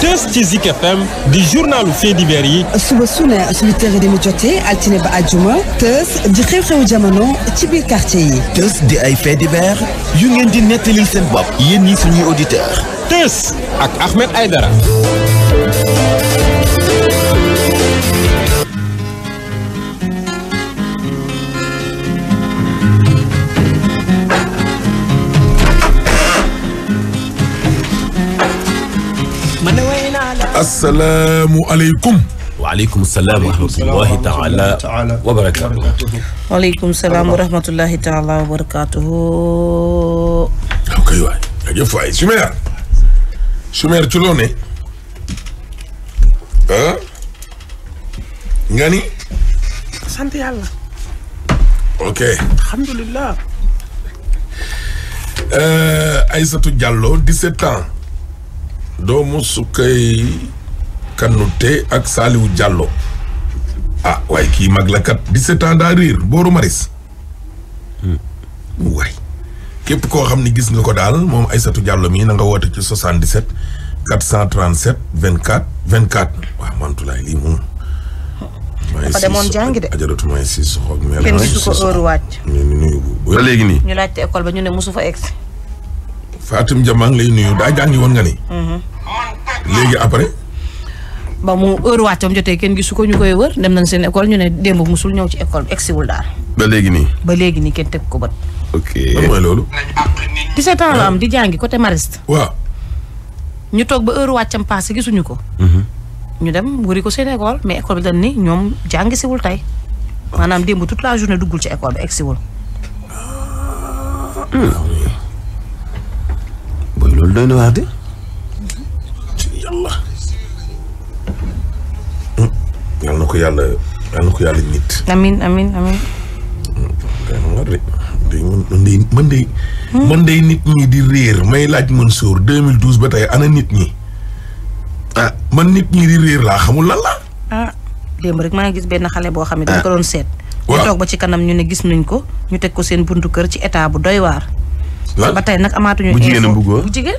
tees ci Zik FM di journalu faits divers yi suba su ne di téere demi jotee altine ba àjjuma tees di xew-xewu jamono ci biir quartier yi tees di ay faits divers yu ngeen di nettalil seen bopp yéen ñi suñuy auditeur tees ak Ahmed Aidara asalaamu aleykum. waaleykum salaam wa rahmatullahi taala wa barakaatuhu. waaleykum salaam wa rahmatullahi taala wa barakaatuhu. ok waay jaajëf waay Chimère. Chimère ci loo ne. ah. nga ni. sant yàlla. ok. alhamdulilah. Euh, Aïssatou Diallo 17 ans. mu doomu Sukay te ak Saliou Diallo ah waaye kii mag la kat 17 ans daa riir booru maris hmm. waay képp koo xam ni gis nga ko daal moom Aysatu jàllo mii na nga woote ci 77 437 24 24 waaw Mantoulaye lii moom. dafa demoon jàngi de ajaratu may si soxog mel. kenn gisu ko heure wàcc. ñu nuyu ba léegi nii. ñu laajte école ba ñu ne mosu fa egg Fatim Jamaa ngi lay nuyu daa jàngi woon nga mhm. léegi après. ba mu heure wàccam jotee kenn gisu ko ñu koy wër dem nañ seen école ñu ne démb musul ñëw ci école bi egsiwul daal. ba léegi nii. ba léegi nii kenn teg ko bët. loolu. 17 ans la am di jàngi côté Mariste. waaw. ñu toog ba heure wàccam passé gisuñu ko. Mhm. ñu dem wëri ko seen école mais école bi dañ ni ñoom jàngi siwul tey maanaam démb toute la journée duggul ci école bi egsiwul. Ah. Hmm. loolu doy na waar de yàlla yàlla na yàlla na ko yàlla nit amin amin amin man de man de nit ñi di réer may laaj Mansour 2012 ba tey ana nit ñi ah man nit ñi di réer laa xamul lan la ah rek maa ngi gis benn xale boo xam ne dañ ah. ko doon seet ñu toog ba ci kanam ñu ne gis nañ ko ñu teg ko seen buntu kër ci état bu doy waar ba tey nag amaatuñu. bu jigéen bu góor bu jigéen.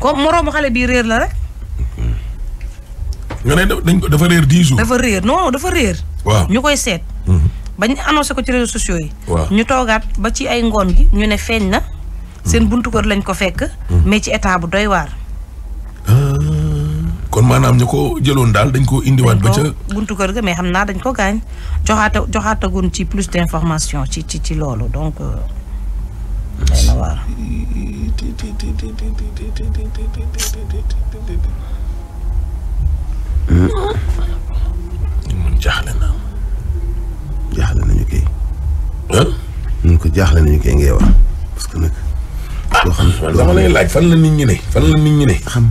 comme moroomu xale bii réer la rek. nga ne dañ ko dafa réer dix jours. dafa réer non dafa réer. ñu koy seet. Mhm. bañ annoncé ko ci réseaux sociaux yi. ñu toogaat ba ci ay ngoon gi ñu ne feeñ na. seen mhm. buntu kër lañ ko fekk. Mhm. mais ci état bu doy waar. Ah. kon maanaam ñu ko jëloon daal dañ ko indiwaat. ba ca buntu kër ga mais xam naa dañ ko gaañ joxaata joxaatagun ci plus d' information ci ci ci loolu donc. Euh, xëy na waar. ñun jaaxle na. jaaxle nañu kay. ñun ko jaaxle nañu kay ngay wax parce que loo xam ne dama lay laaj fan la nit ñi ne fan la nit ñi ne. xam.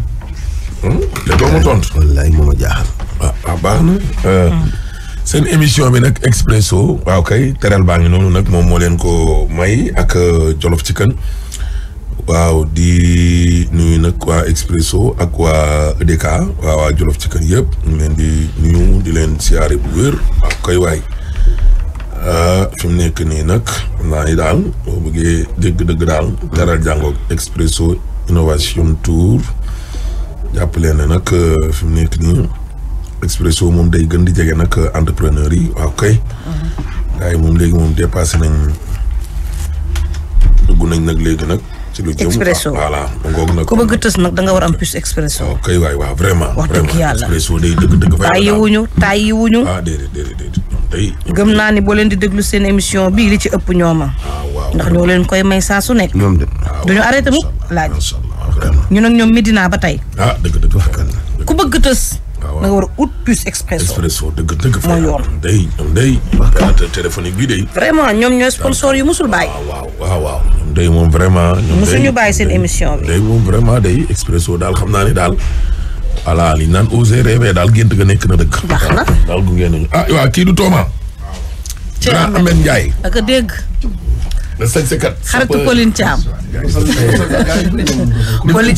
te hmm? doo ma tontu. wallaay moo ma jaaxal. Ah, ah, baax na. Euh, hmm. seen émission bi nag Expresso waaw kay teral baa ngi noonu nag moom moo leen ko may ak euh, Jolof ci kan waaw di nuyu nag waa Expresso ak waa EDK waaw waa Jolof ci kan yëpp leen di nuyu di leen siyaare bu wér waaw kay waay euh, fi nekk nii nag naa daal boo bëggee dëgg-dëgg daal teral jàngoog Expresso innovation tour jàpp leen nag euh, fi mu nekk ni Expresso moom day gën di jege nag entrepreneur yi waaw kay. gars moom léegi moom dépassé nañ dugg nañ nag léegi nag. ci lu jëm Expresso voilà nag. ku war am puce Expresso. waaw wax dëgg yàlla Expresso day dëgg dëgg. tàyyiwuñu tàyyiwuñu. ah déedéet déedéet déedéet. gëm naa ni boo leen di déglu seen émission bii li ci ëpp ñooma. Ah, ndax ñoo leen koy may saa su nekk. ñoom de ah, duñu arrêté mu laaj. ñu nag ñoom Medina ba tey. ah ku bëgg tës. da nga war a ut puce expresso. expresso dëgg dëgg. moo yor day ñoom day. opérateur téléphonique bi day. vraiment ñoom ñooy sponsor yu musul bàyyi. waaw waaw ñoom day moom vraiment. ñoom day musuñu bàyyi seen émission bi. day moom vraiment day expresso daal xam naa ne daal. voilà li naan osé rêver daal gént ga nekk na dëgg. baax na daal gunge nañu ah waaw kii du Tooma. Cheikh Ahmed Ndiaye. ak a dégg. na sañse kat. xaritu Pauline Thiam.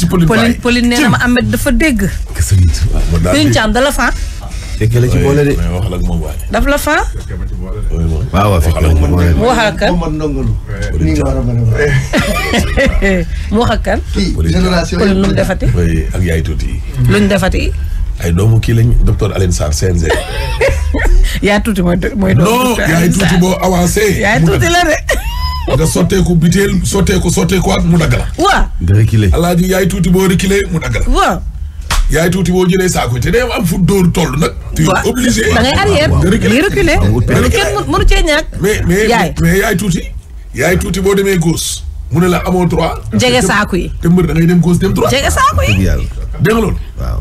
Pauline Pauline nee na ma Ahmed dafa dégg. Pauline Thiam da la faa. fekk la ci boole de. daf la faa. waaw waaw fekk mu wax a kan. mu wax ak kan. Pauline lu mu defati. ak yaay tuuti. lu ñu defati. ay tuuti kii lañ docteur Alioune Sarr CNG. yaa tuuti mooy mooy. doomu yaay tuuti boo avancé. yaay tuuti la de. nga sotteeku biteel sotteeku sotteekuwaat mu dagg la. waaw. nga reculer alaaji yaay tuuti boo reculer mu dagg la. waaw. yaay tuuti boo jëlee saako te day am fu dóor toll nag. tu es obligé da ngay arrière di reculer mënu kenn mënu cee ñàkk. mais mais mais yaay tuuti. yaay tuuti boo demee gauche. mu ne la amoo droit. jege saako yi te mbër da ngay dem gauche dem droit. jege saako yi. dégg lool loolu.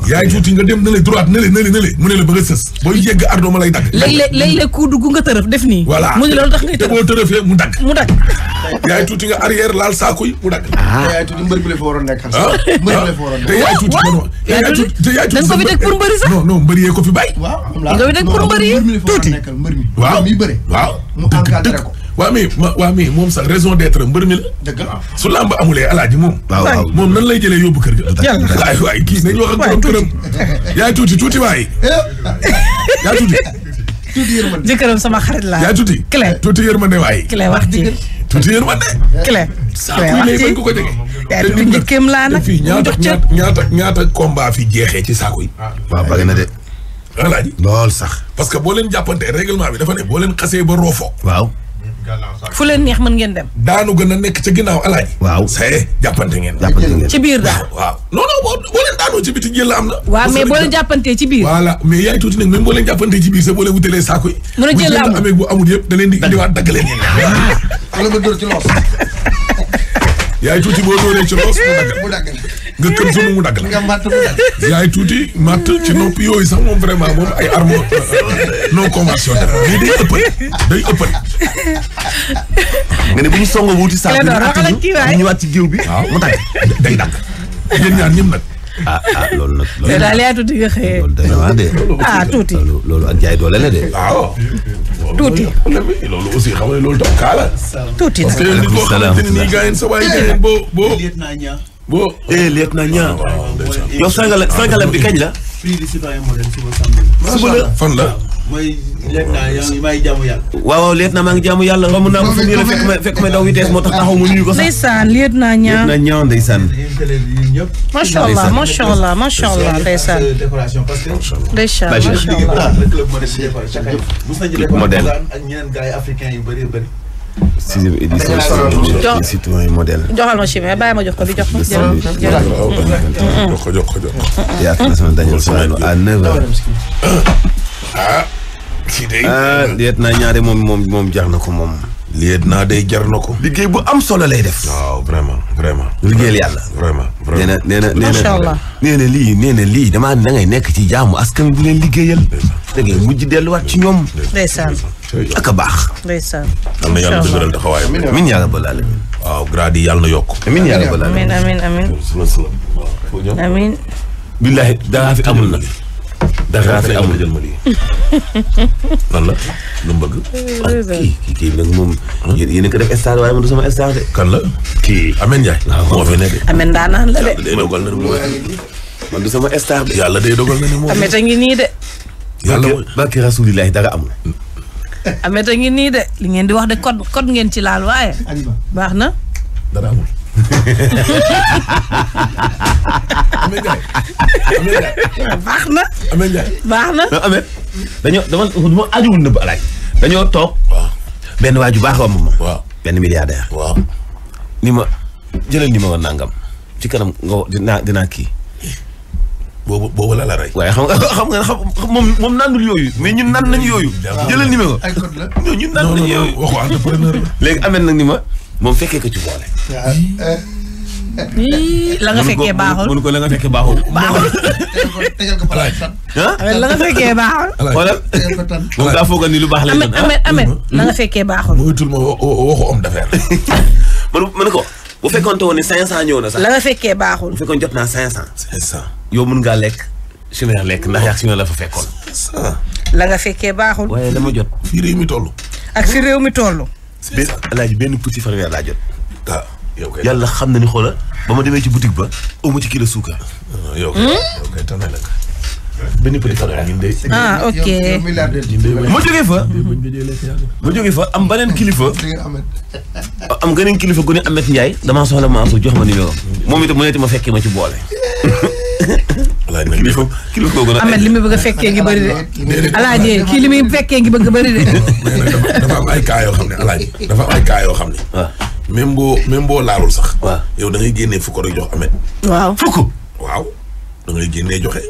yaay tuuti nga dem na le droite na mu ne la a sës booy yegg ardo ma lay dagg. léeg-léeg léeg-léeg ku dugg nga tërëf def nii. voilà mu tërëf te mu dagg. mu dagg. yaay tuuti nga arrière laal saako mu dagg. Ah. te yaay tuuti mbër bi la fa waroon nekk. Ah. mbër ah. yaay tuuti man waaw yaay tuuti mbëri sax. non non mbëri yee fi bàyyi. waaw am naa la tuuti waaw mi bëre. waaw ko waa mais ma waa mais moom sax raison d'être mbër mi la. dëgg la su làmb amulee alaaji moom. waaw moom nan lay jëlee yóbbu kër ga. yàlla waay waay kii nañu wax ak borom këram. yaa tuuti tuuti waay. yaa tuuti. tuuti yërmande jëkkëram sama xarit laa. yaa tuuti. clé tuuti yërmande waay. clé wax ji tuuti yërmande. clé clé wax ji ko ko jege. te du njëkkeem laa nag. ñaata ñaata ñaata combat fi jeexee ci saako yi. Ah. waaw bëgg na de. alaaji lool sax. parce que boo leen jàppante règlement bi dafa ne boo leen xasee ba roofoo. waaw fu leen neex man ngeen dem. daanu gën a ne ca ginnaaw alaay. waaw c'est jàppante ngeen. jàppante ngeen ci biir daal. waaw boo boo leen ci biti jël la na. waaw mais boo leen jàppantee ci biir. voilà mais yaay tuuti nag même boo leen jàppantee leen wutalee saako yi. mën a jël amee bu amul yëpp da di indiwaat dagg leen. yaay tuuti boo doonee ci loos mu dagg nga kër sunu mu dagg la nga matt mu dagg yaay tuuti matt ci nopp yooyu sax moom vraiment moom ay armo non conventionnel mais day ëppal day ëppal nga ne bu ñu songo wuti saa bi ñu ci géew bi waaw ah, mu dagg day dagg yéen ñaar ñëpp nag ah, ah, loolu nag. loolu daal yaa tuuti nga xëyee. loolu dana waa de. tuuti loolu ak jaay doole la de. tuuti loolu aussi xam nga loolu tam kaala. tuuti nag eh, alhamdulilah boo eh liet na ñaa yow sàngala sàngala bi kañ la. fii di citoyen modèle suba samedi. suba la fan la. mooy léegi naa yow maa ngi jaamu yàlla. waaw waaw léegi naa maa ngi jaamu yàlla romb naa ko fu nii la fekk ma fekk ma daw vitesse moo tax taxaw ma nuyu ko sax. ndeysaan léegi naa ñaan léegi naa ñaan ndeysaan. macha allah macha allah macha allah ndeysaan. décoration parce que. ndeysaan macha allah. club modèle ak ñeneen gars yi africain yu bëri bëri. sixième édition citoyen modèle joxal ma chimère bàyyi ma jox ko bi jox ko jox ko jox ko mm, mm, mm, kii day ah liet naa ñaare moom moom moom jar na ko moom. liet naa day jar na ko. liggéey bu am solo lay def. waaw vraiment vraiment. liggéeyal yàlla. vraiment vraiment nee na nee na. macha allah nee lii nee na lii damaa da nekk ci jaamu askan bi leen liggéeyal. da ngay dell delluwaat ci ñoom. ndeysaan. ak a baax. ndeysaan. am na yàlla dëgëral taxawaayam. amiin yàlla ba laale. waaw grade yi yàlla na yokk. amiin yàlla ba laale. amiin amiin amiin. amiin. billaahi daa fi amul nag. dara fi amul jël ma lii lan la lu bëgg euh, ah, kii kii kii nag moom yéen a ko def star waaye man du sama star de kan la kii Amène Ndiaye ah, moo fi ne de Amène daanaan la de day dogal na ni mooy man du sama star de yàlla day dogal na ni mooy Amène a ngi nii de yàlla barke rasulilahi dara amul Amène a ngi nii de li ngeen di wax de code code ngeen ci laal waaye baax na dara Ameth baax na. Ameth Ndiaye baax na. non Ameth dañoo dama dama ajuwul nëbb alaay. dañoo toog. waaw benn waaju baax a ma. waaw benn milliardaire. ni ma jëlal ni ma woon nangam ci kanam nga dinaa dinaa kii. boobu boobu la la rey. xam nga xam nga xam moom moom naanul yooyu mais ñun naan nañu yooyu. jëlal ni ma ko. ñun naan nañu yooyu. léegi Ameth nag ni ma. moom fekkee ko ci boole. la nga fekkee baaxul mënu ko la nga fekkee baaxul. baaxul tegal ko palaay fan. Ah, la nga fekkee baaxul. xoolal moom daa foog ni lu baax la ñu doon amet amet la fekkee baaxul. mu utul ma waxu homme d'affaires. man ko bu fekkoon te woon ne 500 ñëw na sax. la nga fekkee baaxul. bu fekkoon jot naa 500. 500 yow mën ngaa lekk. chinois lekk ndax si chinois la fa fekkoon. la nga fekkee baaxul. waaye dama jot. fii réew mi toll. ak fi réew mi toll. benn laaj benn petit fanweer laa jot. waaw ah, yàlla xam na ni xoola ba ma demee ci boutique ba amu ci kilo suukar. Ah, yow kay hmm? yow kay tànnal ak benn petit fanweer ñun de. ah ok ma jógee fa. ma jógee fa am beneen kilifa. am beneen kilifa gu ne Amet njaay damaa soxla Mansour jox ma numéro moom itam mu ne ma fekkee ma ci boole. alaaji kilifa kilifa googu Ahmed li muy bëgg a fekkee ngi bëri de. alaaji kii li muy fekkee ngi bëgg a bëri de. dafa am ay cas yoo xam ne alaaji dafa am ay cas yoo xam ne. waaw ah. même boo même boo laalul sax. waaw ah. yow da ngay génnee fukk rek jox Ahmed. waaw fukk. waaw da ngay génnee joxe.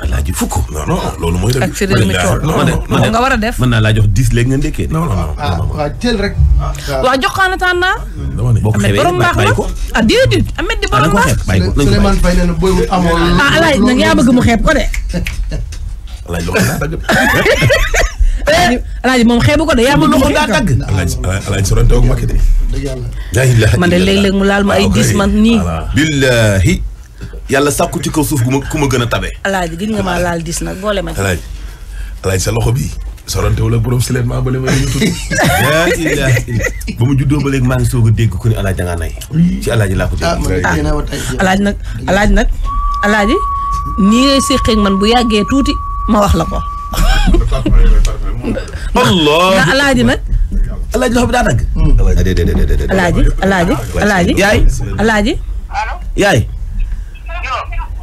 alaaji fukk. non non loolu mooy. ak ci réew mi coono non non nga war a def. mën naa laa jox dix léegi nga ndékkee. non ah, non non waaw jël rek. Ah, waaw jox ko anataan naa. boo ko xewee bàyyi ko ah déedéet Ameth di borom baax. bàyyi ko Souleymane Faye nee na booy wut amoo. ah alaaji nag yaa bëgg mu xeeb ko de. alaaji loxo daa dagg. alaaji moom xeebu ko de yaa bëgg mu xeeb ko. alaaji alaaji sorante ak Macky de. man de léeg-léeg mu laal ma ay ah, gis man nii. billaahi. yàlla sàkku ci kaw suuf gu ku ma gën a tabe. alaaji gis nga maa laal dis nag boole ma. alaaji alaaji sa loxo bii. sorantewul si leen ma ba mu juddoo ba léegi maa ngi soog a dégg ku ne alaaji da ngaa nay. ci alaaji laa ko dégg. ah nii ngay man bu yàggee tuuti ma wax la ko. allah na alaaji nag. alaaji loxo bi daa dagg. Hmm. alaaji alaaji yaay alaaji. yaay.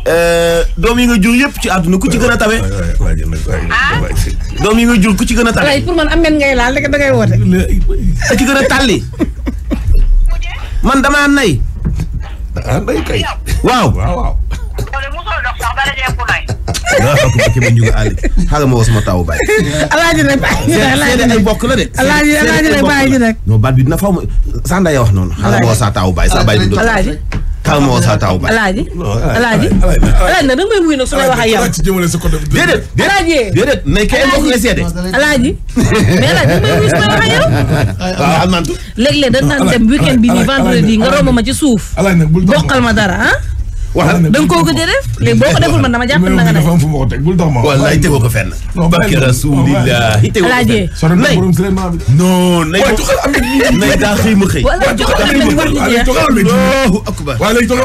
Euh, doom yi nga jur yépp ci àdduna ku ci gën a tabe. Ah. doom yi nga jur ku ci gën a tabe. pour man am ngeen ngay rek da ngay woote. ku ci gën a tàlli. man damaa nay. ah nay kay. waaw waaw. xaaral ma woo sama taawu baay. alaaji nag bàyyi ay bokk la de. alaaji baat bi dina faw wax noonu. xaaral ma woo sa taawu baay sa baay. alaaji taal ma woo saa taaw ba. alaaji alaaji alaaji nag da nga may wuyu nag su may wax ak yow. déedéet déedéet déedéet mais kenn bokk na seede. alaaji mais nag da nga may wuyu su may wax ak yow. waaw am naa léeg-léeg dañ naan dem weekend bi nii vendredi nga romb ma ci suuf. bokkal ma dara ah. waxal da nga koo a def léegi boo ko deful man dama na nga ne dafa am fu ma ko teg bul tax ma ko fenn barke rasulillah tegoo ko fenn so na borom Souleymane non nay nay daa xëy ma xëy waaw léegi joxal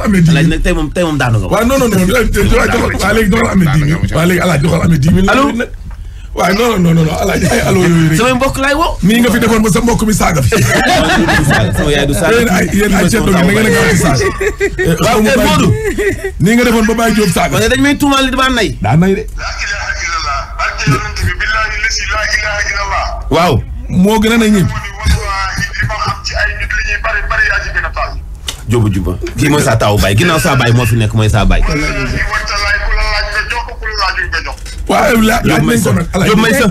amee dix mille tey moom tey moom daanu nga waaw non non non waaw léegi joxal amee dix mille waaw léegi alaaj joxal amee waaye non non non alaaji ay allo yooyu rek. samay mbokk laay woo. nii nga fi defoon ba sa mbokk mi saaga fi. sama yaay du saaga. ay yéen ay ceeb doog na ngeen a gaaw di saaga. Eh, waaw tey Modou. nii nga defoon ba Baye Diop saaga. parce que dañ may tuumaal li damaa nay. daa nay de. waaw. moo gën a nay ñib. jóobu juba kii mooy saa taawu baay ginnaaw saa baay moo fi nekk mooy saa baay. waaw laaj nañ ko nag. Diop may sa Diop may sa.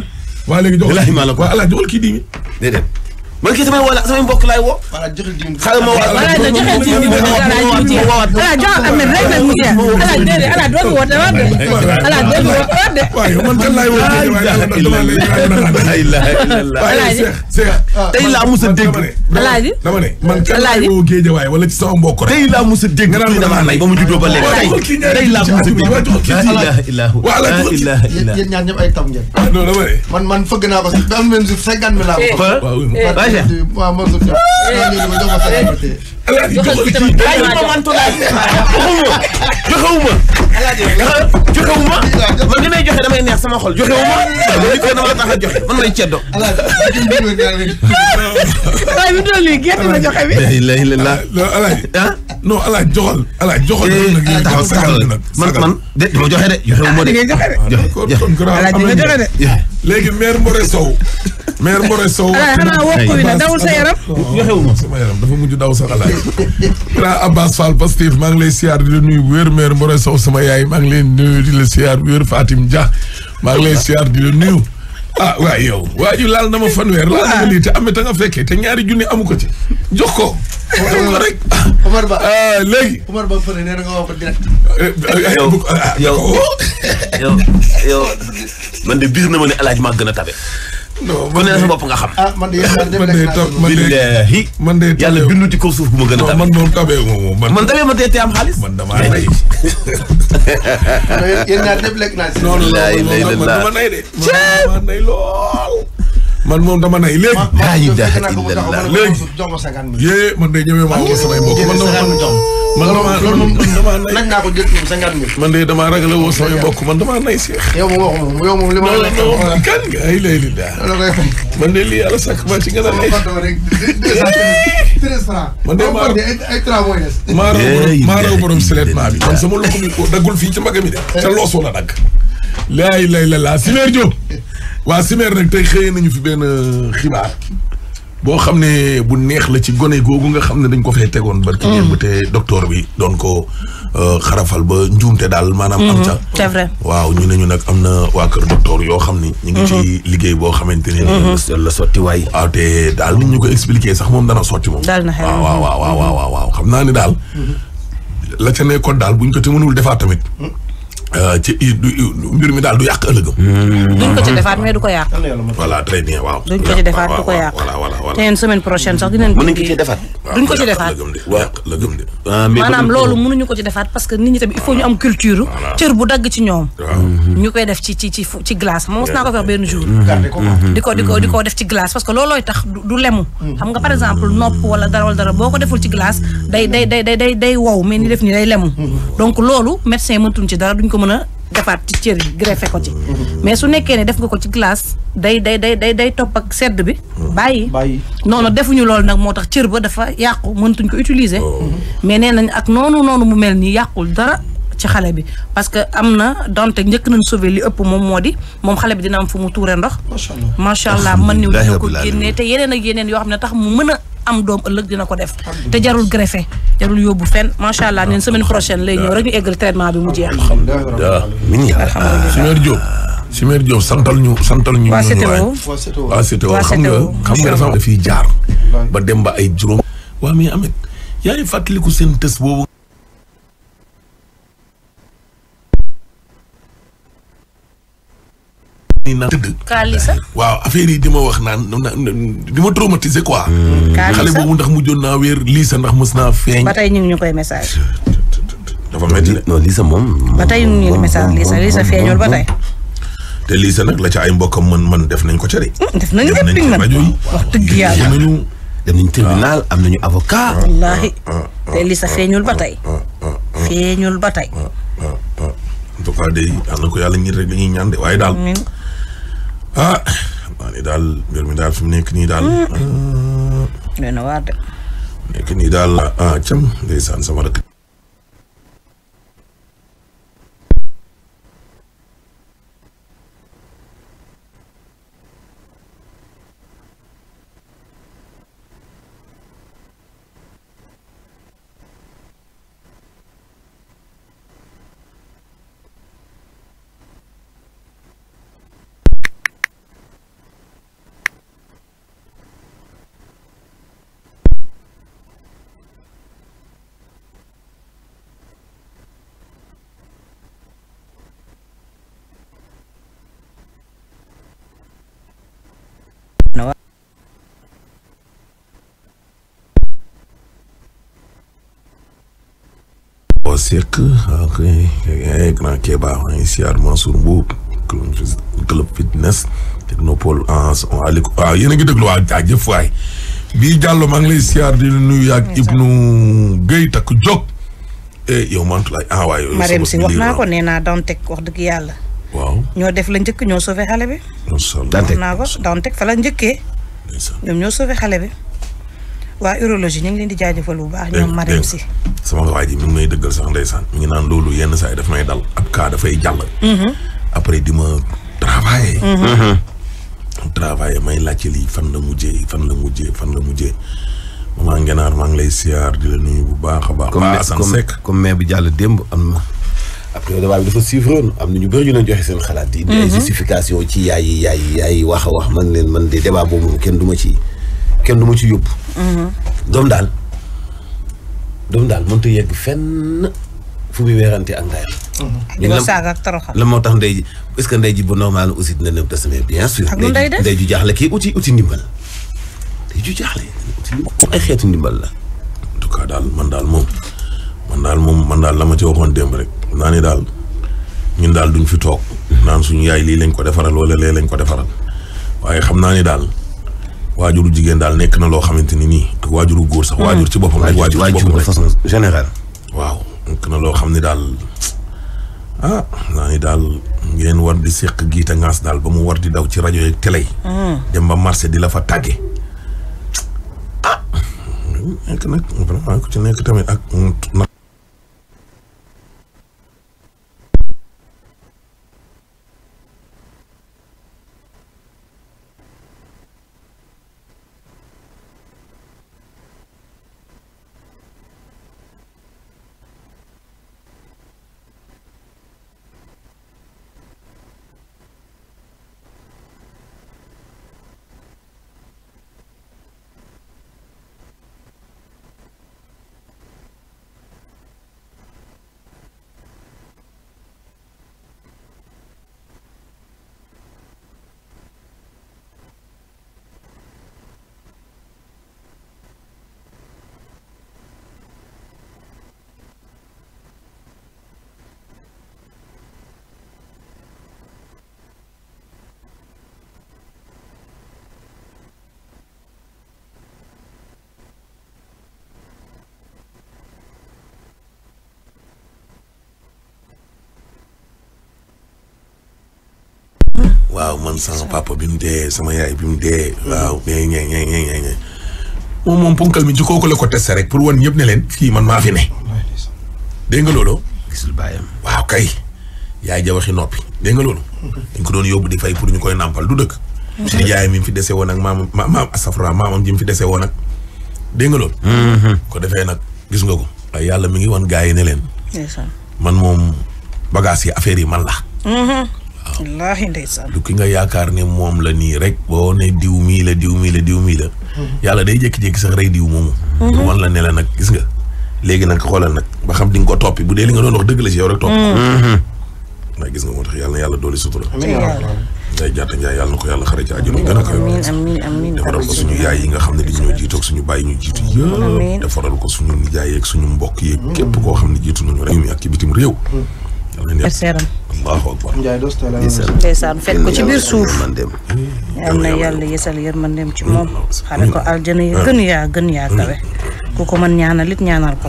waa léegi jox ko waa El Hadj kii di. déedéet. man kii samay wala samay mbokk laay woo. voilà joxel jiw xale ma woo. voilà joxel jiw bi nga laaj jiw jiw voilà jox Ahmed rek la mu jeex. ala déedéet ala doo fi woote waat de. ala doo fi woote waat de. waaye man kan laay woote waaye ala dama lay tey laa mus a dégg. alaaji dama ne man kan laay woo géej waaye wala ci sama mbokk rek. tey laa mus a dégg. nga naan dama lay ba mu juddoo ba léegi. tey laa mus a dégg. waaw joxel kii yéen ñaar ñëpp ay tam ngeen. non dama ne. man man fëgg naa ko sax Aja waaw Mor Soufia. joxewuma man li may joxe damay neex sama xol joxewuma li ko dama tax a joxe man may ceddo. waaye bi doon lii gerte la joxe bi. alhamdulilah ah non alaaj joxal alaaj joxal. Eh, ah, taxaw taxaw man man de dama joxe de joxewuma de. Ah, joxe joxe de. léegi maire Mbore Sow mère Mbore Sow. Ah, xanaa wokk wi na dawul sa yaram. yoxewuma sama yaram dafa mujj daw sa xalaat. grand Abbas Fall Pastef maa ngi lay siyaar di la nuyu wér mère Mbore Sow sama yaay maa ngi lay nuyu di la siyaar wér Fatim Dia maa ngi lay siyaar di la nuyu. ah waaw yow waa laal na ma fanweer laal na ma lii te am ta nga fekkee te ñaari junni amu ko ci jox ko. jox ko rek. Omar Ba ah, léegi. de biir na ma ne alaaj maa gën a tabe. ku ne sa bopp nga xam. ah man de man de yàlla bindu ci kaw suuf bu ma gën a tabe. man moom tabe moom man. man tabe ma tey am xaalis. man damaa nay. yéen ñaar ñëpp lekk naa si. non non non man dama nay de. dama nay lool. man moom dama nay léegi. maa yi daa illallah léegi. yee man de ñëwee maa ko samay mbokk man dama. man damaa loolu moom damaa nay nag naa ko jël moom cinquante mille. man de damaa ragal a woo samay mbokk man damaa nay seex. yow moom waxu moom yow moom li ma la nekk moom la kan nga ay lay li man de lii yàlla sàkk maa ci gën a nay. man de maa ay trois mois des. maa raw maa raw borom seulement bi man sama loxo mi ko daggul fii ci mbagg mi de. ca loosoo la dagg. laay lay la laa Simeer Diop. waa Simeer nag tey xëy nañu fi benn xibaar. boo xam ne bu neex la ci gone googu nga xam ne dañ ko fee tegoon. barki ngeen bu mm. te docteur bi doon ko euh, xarafal ba njuumte daal maanaam. am mm, ca waaw ñu ne ñu nag am na waa kër docteur yoo xam ni. ñu nga ci mm-hmm. liggéey boo xamante ne. Mm-hmm. la sotti waay. waaw ah, te daal ñu ko expliqué sax moom dana sotti moom. daal na xel waaw waaw waaw xam naa ne daal. Mm-hmm. la ca nekkoon daal buñ ko te mënul defaat tamit. Mm. Euh, ci mbir mi daal du yàq ëllëgam. Mm. duñ ko ci mm-hmm. defaat mais du ko yàq. te yéen semaine prochaine sax duñ ko ci defaat de. Ah, maanaam loolu mënuñu ko ci defaat parce que nit ñi tamit il faut ñu am culture. cër bu dagg ci ñoom. Mm-hmm. ñu koy def ci ci ci ci glace mos naa ko fex benn jour. Mm-hmm. di ko di ko di ko def ci glace parce que loolooy tax du lemu. xam nga par exemple nopp wala dara wala dara boo ko deful ci glace day day day day day wow mais ni def ni day lemu donc loolu médecin mën a defaat ci cër yi greffé ko ci. mais su nekkee ne def nga ko ci glace day day day day day topp ak sedd bi. bàyyi bàyyi noonu defuñu lool nag moo tax cër ba dafa yàqu mëntuñ ko utiliser. Oh. mais nee nañ ak noonu noonu mu mel nii yàqul dara. ci xale bi parce que am na donte njëkk nañ sauvé li ëpp moom moo di moom xale bi dina am fu mu tuure ndox macha allah mën niw dina ko génnee te yeneen ak yeneen yoo xam ne tax mu mën a am doom ëllëg dina ko def te jarul greffé jarul yóbbu fenn macha allah neen semaine prochaine lay ñëw rek ñu eggal traitement bi mu jeex. alhamdulilah alhamdulilah Diop. Simeer Diop santal ñu santal ñu. waa CTO waa CTO xam nga xam nga dafa dafiy jaar. ba dem ba ay juróom. waa mais Ameth yaa ngi fàttaliku seen test boobu. ma wax naan di ma traumatisé quoi. Mm. xale boobu ndax mujjoon naa wéer Lisa ndax mos naa feeñ. ba tey ñu ngi ñu koy message. dafa métti non Lisa moom. ba tey ñu ba tey. te nag la ca ay mbokkam mën def nañ ko ca de. Mm, def nañ lépp nag def nañ rajo yi wax dëgg yàlla nañu. dem nañu tribunal ah. am nañu avocat. Ah, wallaahi ah, te Lisa feeñul ba tey. feeñul ba tey. en tout cas de yàlla ko yàlla ñi rek la ñuy waaye daal. ah maa ni daal mbir mi daal fi mu nekk nii daal. nee ah. na nekk nii daal ah cam ndeysaan sama Seck ak ay grand technopole ans waaw li waaw yéen a ngi déglu waa waay bii Diallo maa ngi siyaar di nuyu ak Ibnu Guèye takk jóg eh, yow Mantoulaye ah waay Marème si wax naa ah. ko nee naa wax dëgg yàlla waaw ñoo def la njëkk ñoo sauvé xale bi. macha fa la njëkkee. ñoom ñoo sauvé xale bi. waa urologie ñu ngi leen di jaajëfal bu baax. ñoom eh, madame si sama waa ji mi ngi may dëggal sax ndeysaan mi ngi naan loolu yenn saa yi daf may dal ab cas dafay jàll. Mm-hmm. après di ma travailler. Mm-hmm. Mm-hmm. travailler may laajte lii fan la mujjee fan la mujjee fan la mujjee. maa ngenaar maa ngi lay siyaar di la bu baax a baax. comme Assane Seck comme mais bu jàll démb am na. après débat bi dafa suivroon am na ñu bëri ñu leen joxe seen xalaat yi. des justification ci yaay yi yaay yi yaay wax a wax man leen man de débat boobu kenn du ci. kenn du mu ci yóbbu. Mhm. doom daal doom daal mënut a yegg fenn fu muy weerante ak ndayam. Mhm. di ko saaga ak toroxal la moo tax ndey ji que ndey ji bu normal aussi dina nëb tasuma bien sûr. ak ndey de ndey ju jaaxle kii uti uti ndimbal. ndey ju jaaxle uti ay xeetu ndimbal la. en tout daal man daal moom man daal moom man daal la ma ci waxoon démb rek naa ne daal ñun daal duñ fi toog. Mhm. naan suñu yaay lii lañ ko defaral wala lee lañ ko defaral waaye xam naa ne daal. waajuru jigéen daal nekk na loo xamante ni nii ak waajuru góor sax. waajur ci boppam rek waajur ci boppam waaw nekk na loo xam ne daal ah naa ni daal ngeen war di seq giita ngaas daal ba mu war di daw ci rajo yeeg télé yi. Mm. ba marché di la fa tàgge. ah nekk nag waaw man sama papa bi mu dee sama yaay bi mu dee. waaw ñee moom moom punkal mi ci kooku la ko testé rek pour wan ñëpp ne leen fii man maa fi ne. dégg nga loolu. gisul bàyyam waaw kay. yaay ja waxi noppi dégg nga loolu. dañ ko doon yóbbu di fay pour ñu koy nàmpal du dëkk. di mm-hmm. yaay mi fi dese woon ak maam maam asafra maamam ji mu fi dese woon ak. dégg mm-hmm. ko defee nag gis nga ko. waaye yàlla mi ngi wan gars yi ne leen. man moom bagaas yi affaire yi man la. Mm-hmm. wallaahi ndeysaan du ki nga yaakaar ne moom la nii rek boo ne diw mii la diw mii la diw mii la yàlla day jékki-jékki sax rey diw moomu mhm. wan la ne la nag gis nga léegi nag xoolal nag ba xam di ko toppi bu dee li nga doon wax dëgg la ci yow mhm. Mhm. gis nga moo tax yàlla na yàlla dooli sutura day jàtta njaay yàlla na yàlla xare ci àjjana yi gën a kawe defaral ko suñu yaay yi nga xam ne dañu ñoo jiitoog suñu bàyyi ñu jiitu yëpp defaral ko suñu nijaay yeeg suñu mbokk yeeg képp koo xam ne jiitu nañu rek mi ak ci bitim réew yàlla waaw waaw. Ndiaye Dostala ndeysaan fekk ko ci biir suuf. yal na hmm. moom. xare ko aljana hmm. gën yaa gën yaa hmm. kawe. ku ko mën ñaanal ñaanal ko.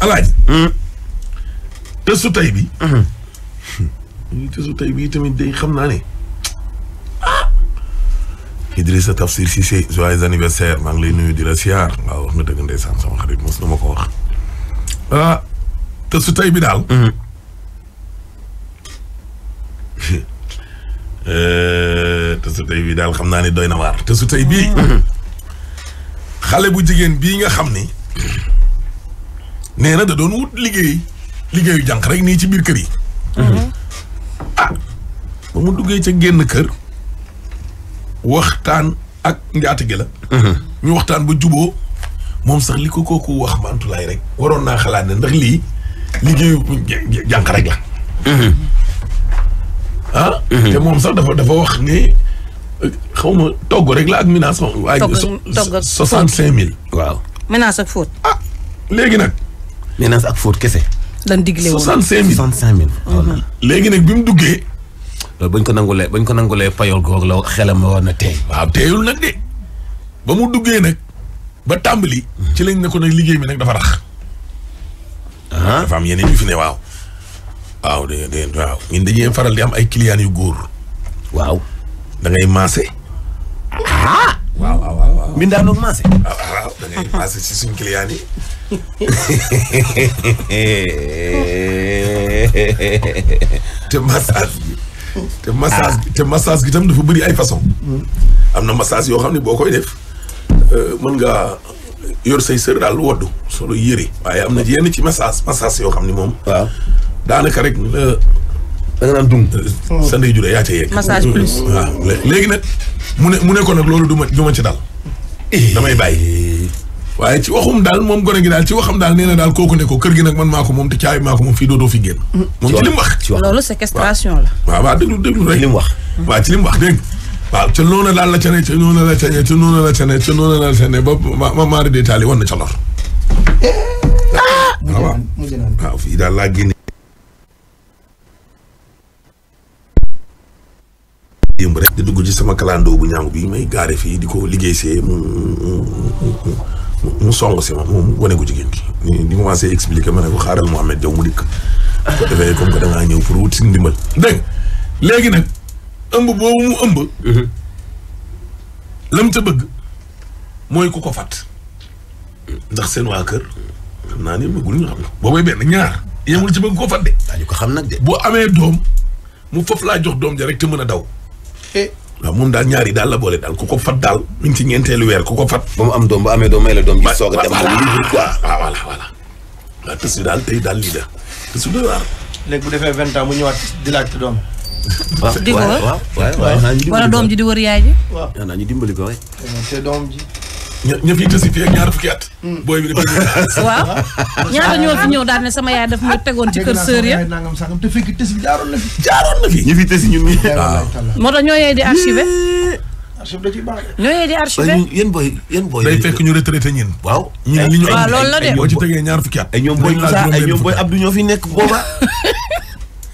alaaj te su tey bi tamit day xam naa Idrissa Tafsir Cissé joyeux anniversaire maa ngi lay nuyu di la siyaar waaw wax nga dëgg ndeysaan sama xarit mos na ko wax ah bi daal mhm. eh, bi daal xam naa ne doy na waar te su tey bii mhm. xale bu jigéen bii nga xam ni nee na da wut liggéey liggéeyu jànq rek nii ci biir kër yi mhm. ah ba mu duggee ca génn kër waxtaan ak njaatige la. Mhm. ñu waxtaan bu juboo moom sax li ko kooku wax mantulaay rek waroon naa xalaat ne ndax li liggéeyu jànq rek la. Mhm. ah. Mhm. moom sax dafa dafa wax ne xaw ma togg rek la ak menace. togg ak soixante cinq mille. waaw menace ak fóot. Ah, léegi nag. menace ak fóot kese. lan digle woon soixante cinq mille. léegi nag bi mu duggee. loolu bañ ko nangulee bañ ko nangulee payoor googu la xelam war na tey. waaw teeyul nag de ba mu duggee nag ba tàmbali. ci lañ ne ko nag liggéey bi nag dafa rax. Ah? dafa am yeneen yu fi ne waaw. waaw de de waaw faral di am ay clients yu góor. waaw. da ah? waaw waaw waaw. mbindaanoog maase. waaw maase ci suñ clients te massage te massage te massage gi tam dafa bëri ay façon am na massage yoo xam ne boo koy def euh, mën nga yor say sër daal wadu solo yëre waaye am na yenn ci massage massage yoo xam ne moom waaw daanaka rek la da nga naan dung sa ndey jure yaa ca yeeg massage plus léegi nag mu ne mu ne ko loolu du ma du ma ci dal eh. bàyyi waaye ci waxum daal moom gone gi daal ci waxam daal nee na daal kooku ne ko kër gi nag man maa moom te caabi maa moom fii doodoo fi génn. Mm. moom ci li wax. loolu séquestration la. waaw waaw déglu déglu rek. li mu wax. waaw ci li mu wax dégg waaw ca noonu daal la ca ne ca noonu la ca ne ca noonu la ca ne ca noonu la ca ne ba ma ma maari de taali woon na ca lor. Ah, waaw waaw fii daal laa génne. démb rek di dugg ci sama kalandoo bu ñaaw bi may gaare fii di ko liggéey see mu mu song si ma mu wane ko jigéen ki ni di commencé expliquer ma ne ko xaaral Mouhamed Diaw mu dikk ko defee comme que da ngaa ñëw pour wut si ndimbal léegi nag ëmb boobu mu ëmb mhm. lam ca bëgg mooy ku ko fat ndax seen waa kër xam naa ne bëggul ñu xam na boobay benn ñaar yemul ci bëgg ko fat de daañu ko xam nag de bu amee doom mu foofu laa jox doom ja rek te mën a daw eh. waaw moom daal ñaari daal la boole daal ku ko fat daal mi ñeenteelu weer ku ko fat. ba mu am doom ba amee doom may la doom. ji soog a ah, daal tey daal lii da tës bu doy waar. léegi bu defee vingt ans mu ñëwaat di laajte doom. di doom ji di wër yaay ji. waaw naa ñu dimbali ko waay. te doom ji. ña ña fiy tësi fii ak ñaar fukki at. Hmm. booy bi dafa ñëw. waaw ñaata ñoo fi ah. ñëw daal ne sama yaay daf ma ah, tegoon ci kër sër ya. nangam sangam te fekk tësi jaaroon na fi. jaaroon na fi ñi fi tësi ñun ñi. waaw moo tax ñoo yee di archivé. archive da ciy baax de. ñoo yee di archivé yéen booy yéen booy. day fekk ñu retraité ñin. waaw ñun li ñu. waaw loolu la de boo ci tegee ñaar fukki at. ay ñoom booy Moussa ay ñoom booy Abdou ñoo fi nekk booba.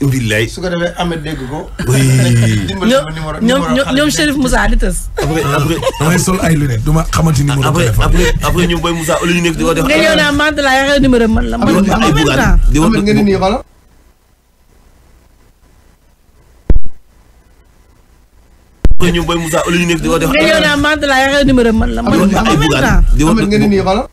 billaay su ko defee Ahmed dégg ko. ñoom ñoom Chérif Moussa di tës. après après damay sol ay lunettes du ma xamante numéro téléphone. après après ñoom Boy Moussa lu ñu nekk di ko def. nga ñëw naa man de la yàqee numéro man la. man la man la di wax ngeen nii xoolal. après ñoom Boy Moussa lu ñu nekk di ko def. nga ñëw naa man de la yàqee numéro man la man la man la di wax ngeen nii xoolal.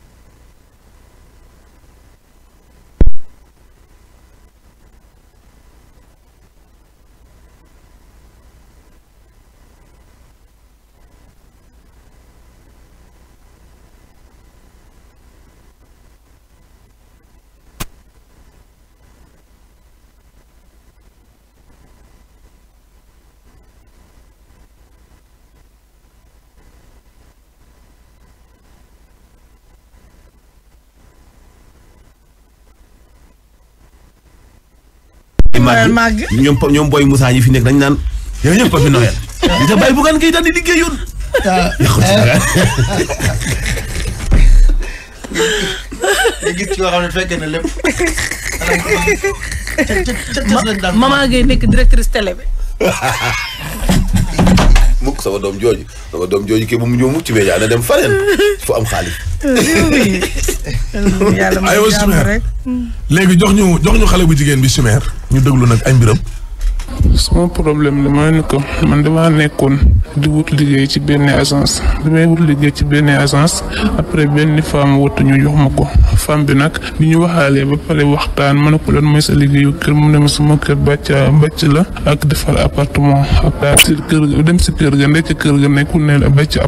màgg ñoom ñoom boy Moussa ñi fi nekk dañ naan yow ñëpp Papy Noël di ah. sa bàyyi ci yoo xam ne fekkee na lépp nekk directrice télé bi doom jooju sama doom jooju kii mu ñëw mucc bee dem faneen fu jox ñu jox ñu xale bu jigéen bi sumeer ñu déglu nag ay mbiram sama problème la mooy ni ko man damaa nekkoon di wut liggéey ci benn agence bi may wut liggéey ci benn agence après benn femme wootu ñu jox ma ko femme bi nag bi ñu waxaalee ba pare waxtaan ma ne ko lan sa liggéeyu kër mu ne ma sama kër bàcc bàcc la ak defar appartement après si kër dem si kër ga ndekk kër ga nekkul ne la bàcc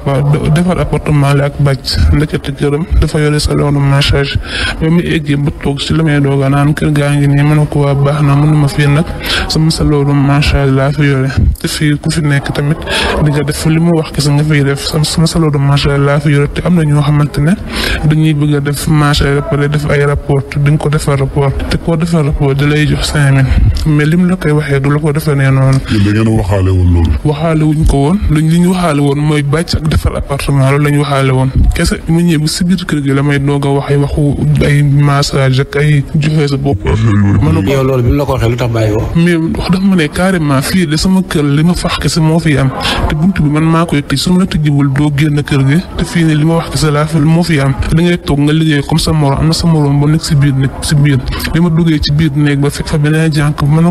defar appartement la ak bàcc ndekete këram dafa yore salon de massage ba mu eggee toog si la may dooga naan kër gaa ngi nii ma ne ko waa baax na mënuma fii nag sama salon macha allah fi yore te fii ku fi nekk tamit di def li wax kese nga fiy def sama sama saloo de macha allah te am na ñoo xamante ne dañuy bëgg a def macha allah pare def ay rapport di nga ko defal rapport te koo defal rapport da lay jox cinq mais lim la koy waxee du la ko defee nee noonu. yéen da ngeen waxaale woon loolu. waxaale ko woon luñ li ñu waxaale woon mooy bàcc ak defar appartement loolu la ñu waxaale woon kese mu ñëw bu si biir la may doog a wax ay ay massage ak ay joxe sa bopp. yow ko waxee lu tax bàyyi ko. mais wax dafa ma ne carrément fii de sama kër li ma fax kese moo fi am te bunt bi man maa koy tëj su ma la tëjjiwul doo génn kër gi te fii ne li ma wax kese laa fi moo fi am da ngay toog nga liggéey comme sa morom am na sa morom ba nekk si biir nekk si biir li biir néeg ba fekk fa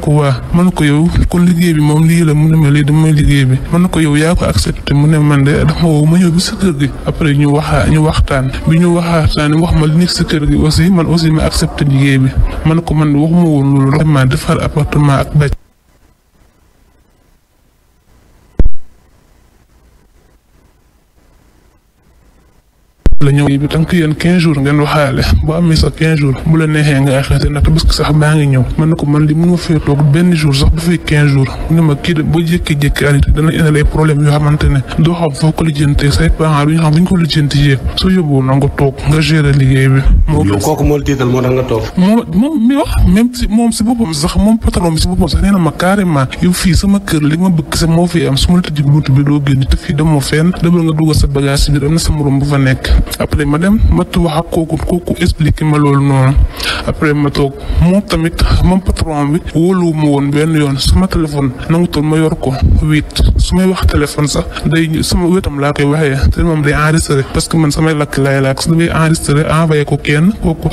ko waa mën ko yow kon liggéey bi moom lii la mu ne ma lii damay liggéey bi man na ko yow yaa ko accepté mu ne man de dafa ma woo ma ñëw bi sa kër gi après ñu waxaa ñu waxtaan bi ñu waxaataan wax ma li nekk si kër gi aussi man aussi ma accepté liggéey bi man ko man waxuma woon la ñëw bi tànk yéen quinze jours ngeen waxaale boo amee sax quinze jours bu la neexee nga xeete nag parce que sax maa ngi ñëw man na ko man li mënuma fee toog benn jour sax bu quinze jours mu ne ne ko lijjantee soo yóbboo na toog nga gérer liggéey bi moo la tiital moo nga toog sa bagage biir am na sa bu fa nekk après ma dem ma wax ak kooku kooku expliqué ma loolu noonu après ma toog moom tamit moom patron bi wóolu ma woon benn yoon sama téléphone nangutoon ma yor ko su may wax téléphone sax day sama wetam laa koy waxee te moom day parce que man samay lakk laay laak su damay envoyé ko kenn kooku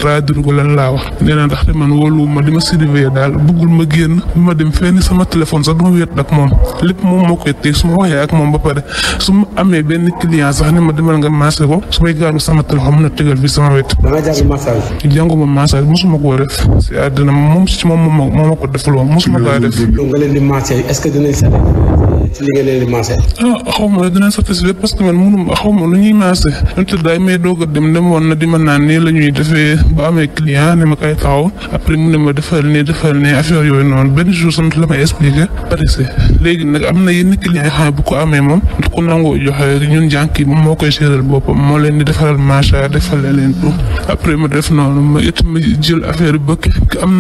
lan laa wax nee te man wóolu ma di ma surveiller daal bëggul ma génn bi ma dem fenn sama téléphone sax duma moom lépp moom moo koy teg su ma waxee ak moom ba pare su ma amee benn client sax ne ma demal nga marché ko su may jàng sama téléphone mën a tegal fi sama wet. da nga jàng massage. jànguma massage mosuma koo def si àddina moom si moom moo ma ko defuloo mosuma kaa def. nga leen di massé est-ce que dinañ ci li nga leen di maase. ah ma dina satisfait parce ma lu ñuy maase. na di ma naan la ñuy defee ba amee client ne ma kay taxaw après mu ne ma defal nii defal nii affaire yooyu noonu sama na yenn client yoo xam ne bu ko amee moo koy séeral boppam moo leen di defaral macha defal leen tout après ma def noonu ma it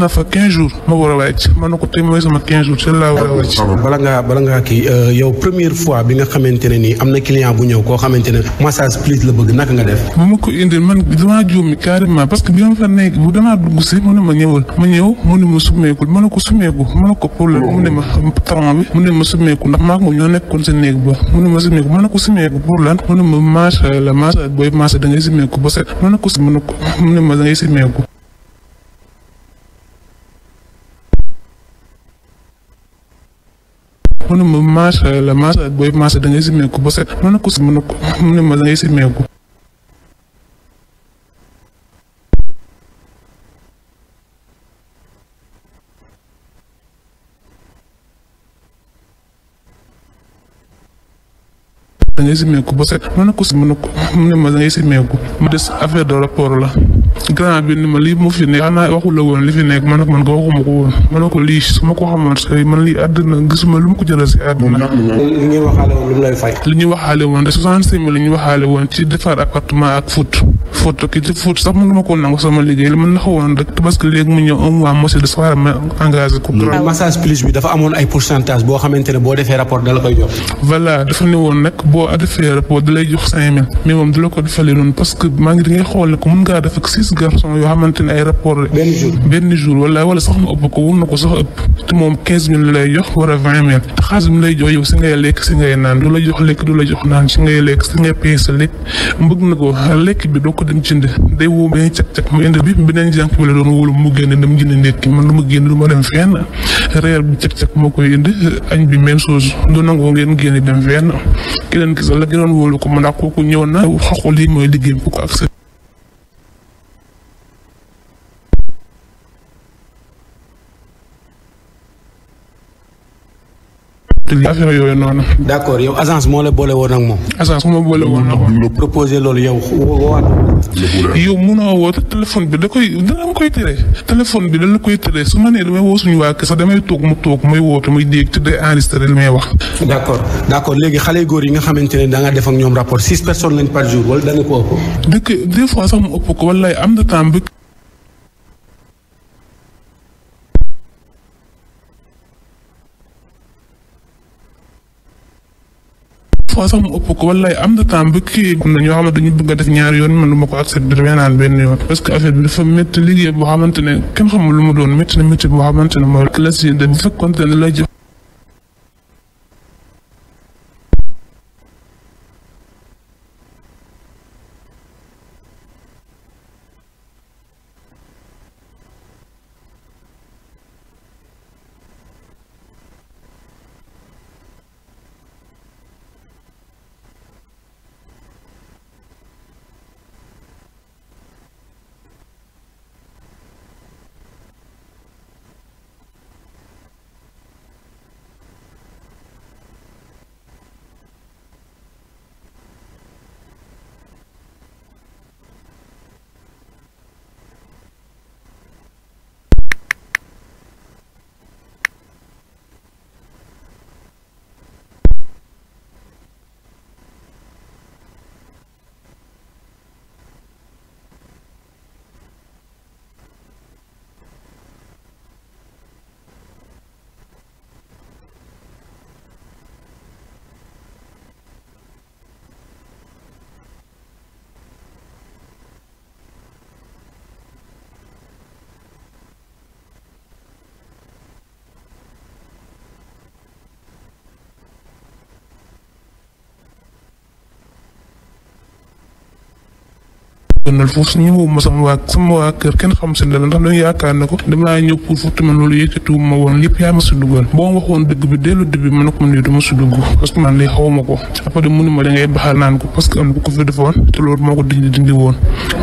na fa quinze jours ma war a wàcc ma ne ko tey mooy sama quinze jours ci laa war a wàcc. bala ngaa bala ngaa euh, Euh, yow première fois bi nga xamante ne nii am na client bu ñëw koo xamante ne massage plus la bëgg naka nga def. bu ma ko indil man damaa juum carrément parce que bi ma fa nekk bu damaa dugg si mu ne ma ñëwal mu ne ma summeekul ko summeeku ma ne ko problème mu ne ma patron bi mu ne ma ma ma ne ko summeeku pour lan mu ne ma massage la massage booy massage da ngay summeeku set ma ne ko mu ne ma da ngay mu ne ma marché la marché booy marché da ngay simmeeku ba set mën na ko mën na ko mu simmeeku da ngay simmeeku ba set mën na ko si mu des affaire de rapport la grand bi ma lii mu fi nekk xanaa waxul la woon li fi nekk ma ne ma ko xamoon say man lu ma ko jëlee si àddina. li ma ko nangu sama liggéey li ma naxawoon rek parce que léegi mu ñëw un mois monsieur de soir ma engagé ko. massage plus bi dafa amoon ay pourcentage boo xamante ne boo defee rapport da koy jox. voilà dafa ne woon nag boo adressé rapport da lay jox cinq mille mais moom du la ko defalee noonu parce que maa ngi di ngay xool ko mën ngaa def ak six yoo xamante ne ay rapport rek benn jour benn jour sax mu ëpp ko wun na ko sax ëpp te moom quinze mille lay jox wala vingt mille te xaalis bi lay jox yow si ngay lekk si ngay naan du la jox lekk du la jox naan si ngay lekk si ngay paye sa lekk mbëgg na ko lekk bi doo ko dem jënd day woo beneen cag-cag mu indi bi beneen jànk bi la doon wóolu mu génn dem jënd ma génn du ma dem reer bi cëk cëk moo koy indi bi même chose du nangoo ngeen génn dem fenn ki leen gisal la gënoon wóolu ko mu ndax kooku ñëw na xaqul yi mooy liggéey bu ko ak technique affaire yooyu noonu. d' accord yow agence moo bi da koy koy tere téléphone bi dana koy tere su ma nee damay woo suñu waa kër sax damay toog mu toog muy woote muy dégg te day enregistré li may wax. d' accord d' accord léegi xale góor yi ne da nga def ñoom rapport six personnes lañ par jour wala dana ko ëpp. dëkk des fois sax mu ëpp ko wallaay am na temps fois sax mu ëpp ko wallaay am na temps ba kii am na ñoo xamante dañu bëgg a def ñaari yoon man du ma ko accepté damay naan benn parce que affaire bi dafa liggéey boo xamante kenn xamul lu mu doon na métti boo xamante ne mooy classe yi lay jox gënal foofu su ñëwuma sama waa sama waa kër kenn xam si dara ndax dañu yaakaar na ko damaa ñëw pour furtu man loolu yëkkatu ma woon lépp yaa ma si boo ma waxoon dëgg bi dès le début ma ne ko man lii du parce que man lii xaw ma ko après de mënuma da ngay baxal naan ko parce que am ko fi defoon te loolu moo ko dindi dindi woon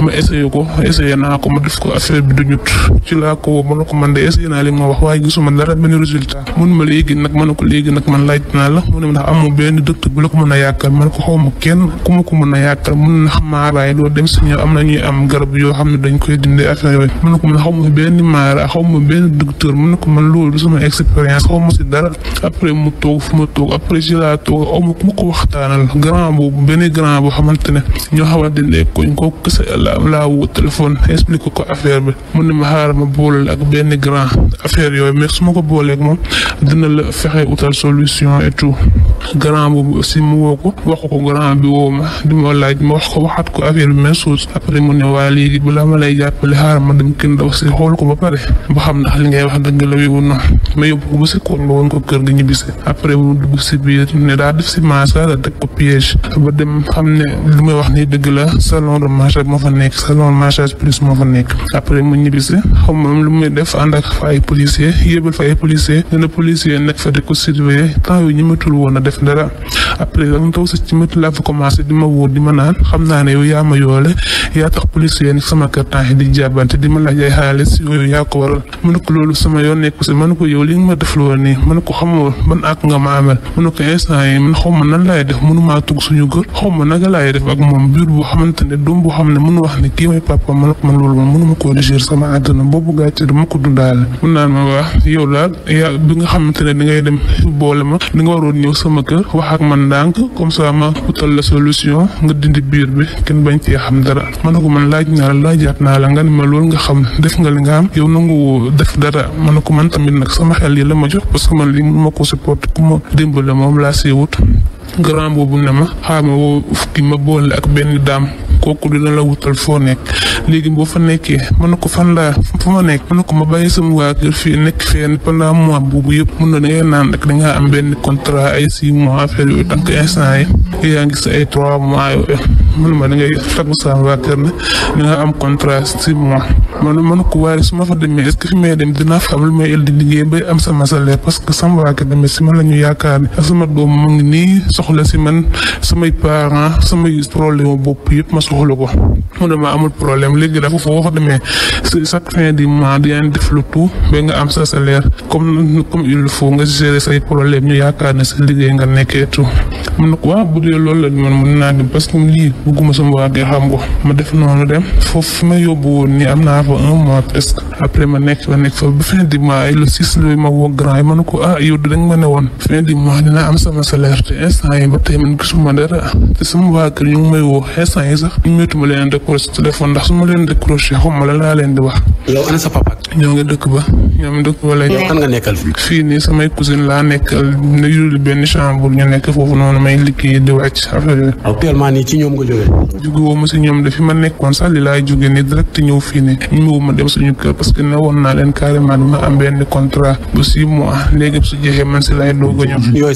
ma essayé ko essayé naa ma def ko affaire bi du ñut ci laa ko mën ko man la mu ne ma ndax amoo a yàkkal man ko xaw ma kenn ma ko mën a yàkkal dem si ñëw am na ñuy am garab yoo xam ne dañ koy dinde affaire yooyu mun na ko mën xaw ma benn maara xaw ma benn docteur mun na ko man loolu sama expérience xaw ma si dara après mu toog ma toog après si laa toog aw ma ku ma ko waxtaanal grand boobu benn grand boo xamante ne ñoo xamante ne koñ ko kese la am laa wut téléphone expliqué ko affaire bi mu ne ma xaaral ma boole ak benn grand affaire yooyu mais su ma ko booleeg moom dina la fexe utal solution et tout grand boobu aussi mu woo ko wax ko grand woo ma di ma laaj ma wax ko waxaat ko affaire bi même après mu ne waa léegi balaa ma lay jàppale xaaral ma dem kenn daw si xool ko ba pare ba xam ndax li ngay wax dëgg la wu noonu ma yóbbu ko ba si koon ba woon ko kër gi ñibbisi après mu dugg si biir ne daa def si marché da teg ko piège ba dem xam ne li may wax nii dëgg la salon de marché fa nekk sax non marchage police moo fa nekk après mu ñibbisi xaw ma lu muy def ànd ak fa ay policier yébal fa ay policier dina policier nekk fa di ko surveiller temps yooyu ñëmatul a def di ma di ma naan xam naa ne yow ma yoole yaa tax policier nekk sama kër temps yi di jàbbante di ma laaj ay xaalis yooyu yaa ko waral mu ne ko loolu sama nan laay def mënumaa tugg suñu gër xaw ma naka laay def ak moom biir bu xamante ne doom bu xam ne mënu wax ne kii mooy papa man man loolu moom mënuma koo digérer sama àdduna boobu gàcce dama ko dundaale mun naan ma waa yow daal yaa bi nga xamante ne dangay dem boole ma da nga waroon ñëw sama kër wax ak man ndànk comme ça ma utal la solution nga dindi biir bi kenn bañ cee xam dara ma ne ko man laaj naa la laajaat naa la nga ne ma loolu nga xam def nga li nga am yow nangu def dara ma ne ko man tamit nag sama xel yi la ma jox parce que man lii mënuma ko supporter ku ma dimbale moom laa see grand boobu na ma xaama woo ki ma boole ak benn daam kooku dina la wutal foo nekk léegi boo fa nekkee mën na ko fan laa fu ma nekk mën na ko ma bàyyi sama waa kër fii nekk fenn pendant mois boobu yëpp mun na dangay naan rek dangaa am benn contrat ay six mois affaire yooyu tànk instant yi yaa sa ay trois mois yooyu man ma dangay taggu sama waa kër ne danga am contrat six mois man mën ko waaye su ma fa demee est-ce que fi may dem dinaa fa am lu may el di liggéey bay am sama salaire parce que sama waa demee si man la ñu yaakaar ne sama doom mu nii soxla si man samay parents samay problème bopp yëpp ma soxla ko mu ne ma amul problème léegi dafa foo wax demee sa salaire comme comme il faut nga gérer say problème ñu yaakaar ne sa liggéey nga nekkee tout mun na ko waa bu dee loolu la man mën naa dem parce que lii bugguma sama waa xam ko ma def noonu dem foofu ma yóbbu woon nii am naa fa un mois presque après ma nekk ma nekk fa ba fin du mois ay le six la ma woo grand yi ma ne ko ah yow dinañ ma ne woon fin du mois dinaa am sama instant yi ba tey man may su ma leen décroché xawma la laa leen di wax. yow ana sa papa. ñoo ngi dëkk ba ñoom dëkk ba lay. yow kan nga nekkal fii. fii nii samay cousine laa nekkal ne liggéey di wàcc affaire yooyu. ma si ñoom de fi ma nekkoon sax li laay jógee nii direct ñëw fii ñëw ma dem suñu kër parce que ne woon naa leen carrément dama am benn contrat bu six mois léegi su jeexee man si laay doog a ñëw.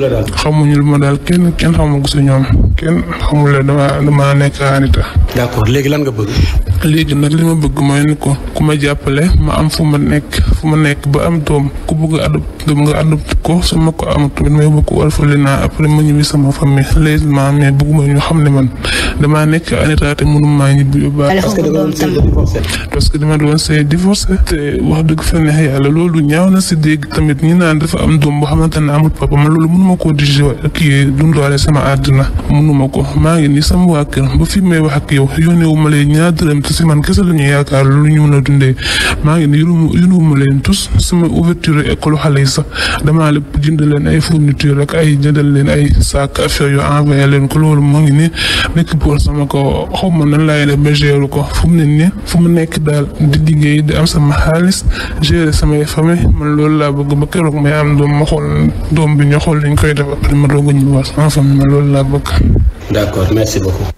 la ma daal kenn kenn xamuma ko si ñoom kenn xamul la dama dama nekk Anita. d'accord léegi lan nga bëgg. léegi nag li ma bëgg mooy ni ko ku ma jàppale ma am fu ma nekk fu ma nekk ba am doom ku bëgg a adopté nga adopté ko su ma ko am tamit ma yóbbu ko orphelinat naa après ma ñibbi sama famille léegi maa mais bëgguma ñu xam ne man damaa nekk Anita te mënuma maa ñibbi yóbbaale. parce na si papa man loolu mënuma koo digérer kii dundaale sama àddina mënuma ko maa ngi ni sama waa ba fi may wax ak yow yónneewu ma leen ñaar dërëm te man kese la ñu yaakaar lu ñu mën a dundee maa ngi ni yónneewu ma leen tous sama ouverture école xale yi sax damaa lépp jënd leen ay fourniture rek ay jëndal leen ay sac affaire yu envoyé leen ko loolu moo ngi ni nekk pour sama ko xaw ma nan laay def ba gérer ko fu mu ne nii fu mu nekk daal di liggéey di am sama xaalis gérer samay famille man loolu laa bëgg ba keroog may am doom ma xool doom bi ñu xool liñ koy def ma doog bëgg ñu wax sama famille ma loolu laa bëgg. d'accord merci beaucoup.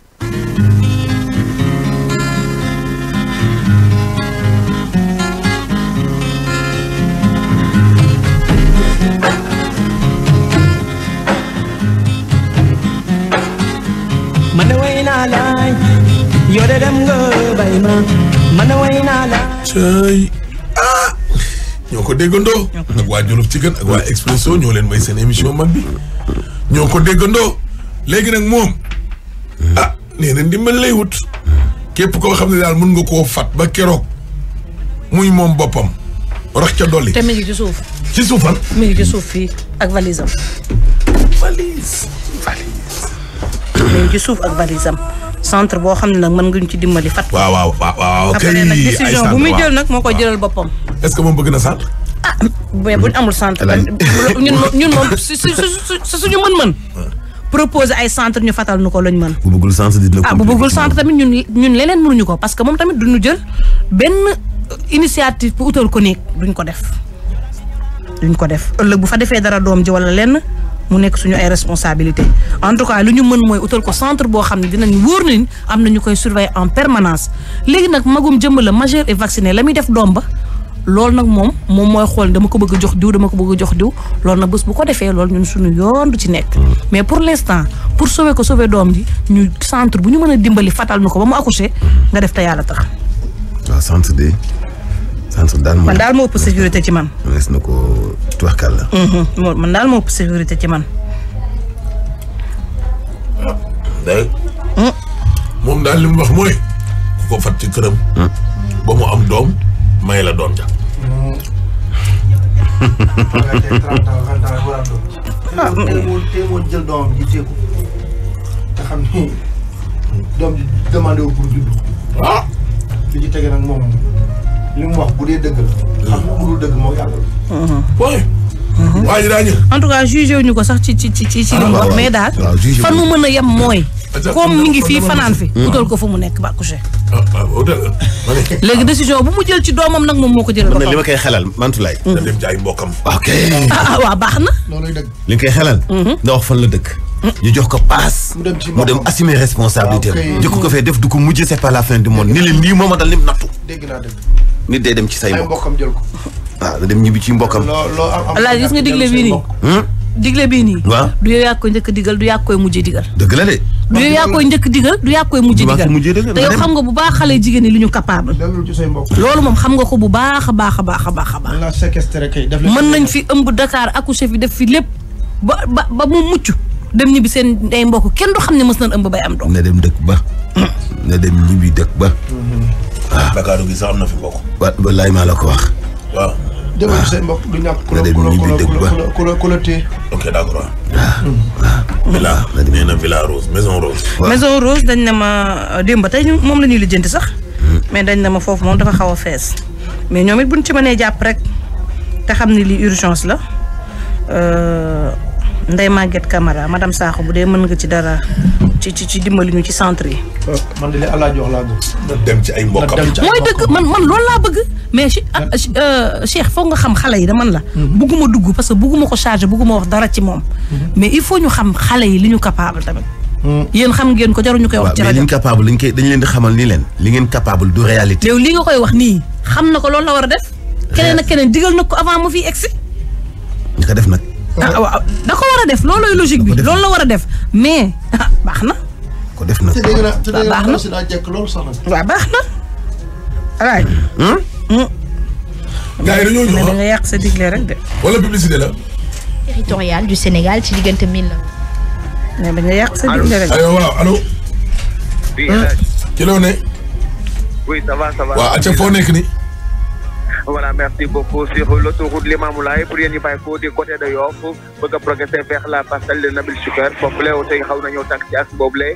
cëy ah ñoo ko déggandoo ak waa Jolof ci gën ak waa Expresso ñoo leen may seen émission mag bi ñoo ko déggandoo léegi nag moom hmm. ah nee na ndimbal lay wut hmm. képp koo xam ne daal mën nga koo fat ba keroog muy moom boppam rax ca dolli. te mi ngi ci suuf. ci suufam. mi ngi ci suuf fii ak valise am. valise valise. suuf ak valise am. centre boo xam ne nag man nga ñu ci dimbali fat. waaw waaw waaw kay ay centre décision bu muy jël nag moo koy jëlal boppam. est-ce que moom bëgg na centre. ah mais bu ñu amul centre. ñun ñun moom su su su suñu mën-mën. proposer ay centre ñu fatal nu ko lañ mën. bu bëggul centre dina ah bu bëggul centre tamit ñun ñun leneen mënuñu ko parce que moom tamit duñu jël benn initiative bu utal ko néeg duñ ko def. duñ ko def ëllëg bu fa defee dara doom ji wala lenn mu nekk suñu ay responsabilité en tout cas lu ñu mën mooy utal ko centre boo xam ne dinañ wóor nañ am na ñu koy surveiller en permanence léegi nag magum jëmm la majeur et vacciné la muy def doom ba. loolu nag moom moom mooy xool dama ko bëgg a jox diw dama ko bëgg a jox diw loolu nag bés bu ko defee loolu ñun sunu yoon du ci nekk. Mm. mais pour l' instant pour sauver ko sauver doom ji ñu centre bu ñu mën a dimbali fatal ñu ko ba mu accouché nga def te yàlla tax. waaw centre de centre daal mm-hmm. man daal moo ëpp sécurité ci man. mënees mm. ko tuwaxkal la. man daal moo ëpp sécurité ci man. ci mm. ba mu am doom. may la doom ja ah mm. téemoon jël doomam ji teeku nga xam ni doom ji demandé wu pour ah li ci tege nag moom li mu wax bu dee dëgg la mm. xam nga bu dul dëgg moo mm-hmm. yàlla la Mm-hmm. waaye en tout cas jugé wuñu ko sax ci ci ci ci li mu wax mais daal fan mu mën a yem mooy. comme mi ngi fii fanaan fi. ko fu mu nekk ba ah, ah, bu mu jël ci doomam nag moom moo ko jëlal. li ma koy xelal Mantoulaye. Mm. da dem jaay mbokkam. ok ah, ah waaw baax na. loolay dëgg li nga koy xelal. Mm-hmm. nga wax fan la dëkk. ñu jox ko paas. mu dem ci mu dem assumer responsabilité am. ko fee def du ko mujj c'est pas la fin du monde ni leen lii moom a dal ni mu nattu. dégg naa dégg. nit day dem ci say mbokk. waaw ah, da dem ñibbi ci mbokkam. loo loo am am gis nga digle bii nii. Hmm? digle bii nii. waaw du yow yaa koy njëkk digal du yaa koy mujjee digal. dëgg la de. du yow yaa koy njëkk digal du yaa koy mujjee digal te yow xam nga bu baax xale jigéen ñi li ñu capable. loolu moom xam nga ko bu baax a baax a baax a baax a baax. mën nañ fi ëmb Dakar accouché fi def fi lépp ba ba ba mu mucc dem ñibbi seen ay mbokk kenn du xam ne mës nañ ëmb bay am doom. na dem dëkk ba. Hmm. na dem ñibbi dëkk ba. waaw mhm. ah. Dakar gi sax na fi mbokk. wa wallaay maa la ko wax demal say mbokk du ñàkk ku la ku la ku dañ na ma euh, démb tey moom la ñuy lijjanti sax hmm. mais dañ na ma foofu moom dafa xaw a fees mais ñoom it buñ ci mënee jàpp rek te xam ne lii urgence la euh, Ndeye Maguette Camara madame Sakho bu dee mën nga ci dara ci ci ci dimbali ñu ci centre yi. Oh, man de la jox laa bëgg. dem ci ay mooy dëgg man man loolu laa bëgg. mais ah, euh, Cheikh foog nga xam xale yi de man la. Mhm. bugguma dugg parce que bugguma ko chargé bugguma wax dara ci moom. Mhm. mais il faut ñu xam xale yi li ñu capable tamit. Mhm. yéen xam ngeen ko jaruñu koy wax. ci rajo waaw koy dañu leen di xamal nii leen. li ngeen capable du réalité. yow li nga koy wax nii xam na ko loolu la war a def. Eh. keneen ak keneen digal na ko avant mu fi egsi. ñu ko def nag. Ah, da ko war a def loolooy logique bi loolu la war a def mais ah, baax na. ko def na baax na waaw baax na. alaay. Hmm? Hmm. gars yi dañoo ñëw da nga yàq sa digle rek de. wala publicité la. territorial du Sénégal ci diggante mille la. mais da nga yàq sa digle rek. allo waaw allo. oui hmm? El Hadj. ci loo ne. oui ça va ça va. waaw foo nekk nii. voilà merci beaucoup sur côté de Yoff bëgg a progresser vers la passerelle de Nabil Choucair foofu la oto yi xaw nañoo tàkk ci as boobu la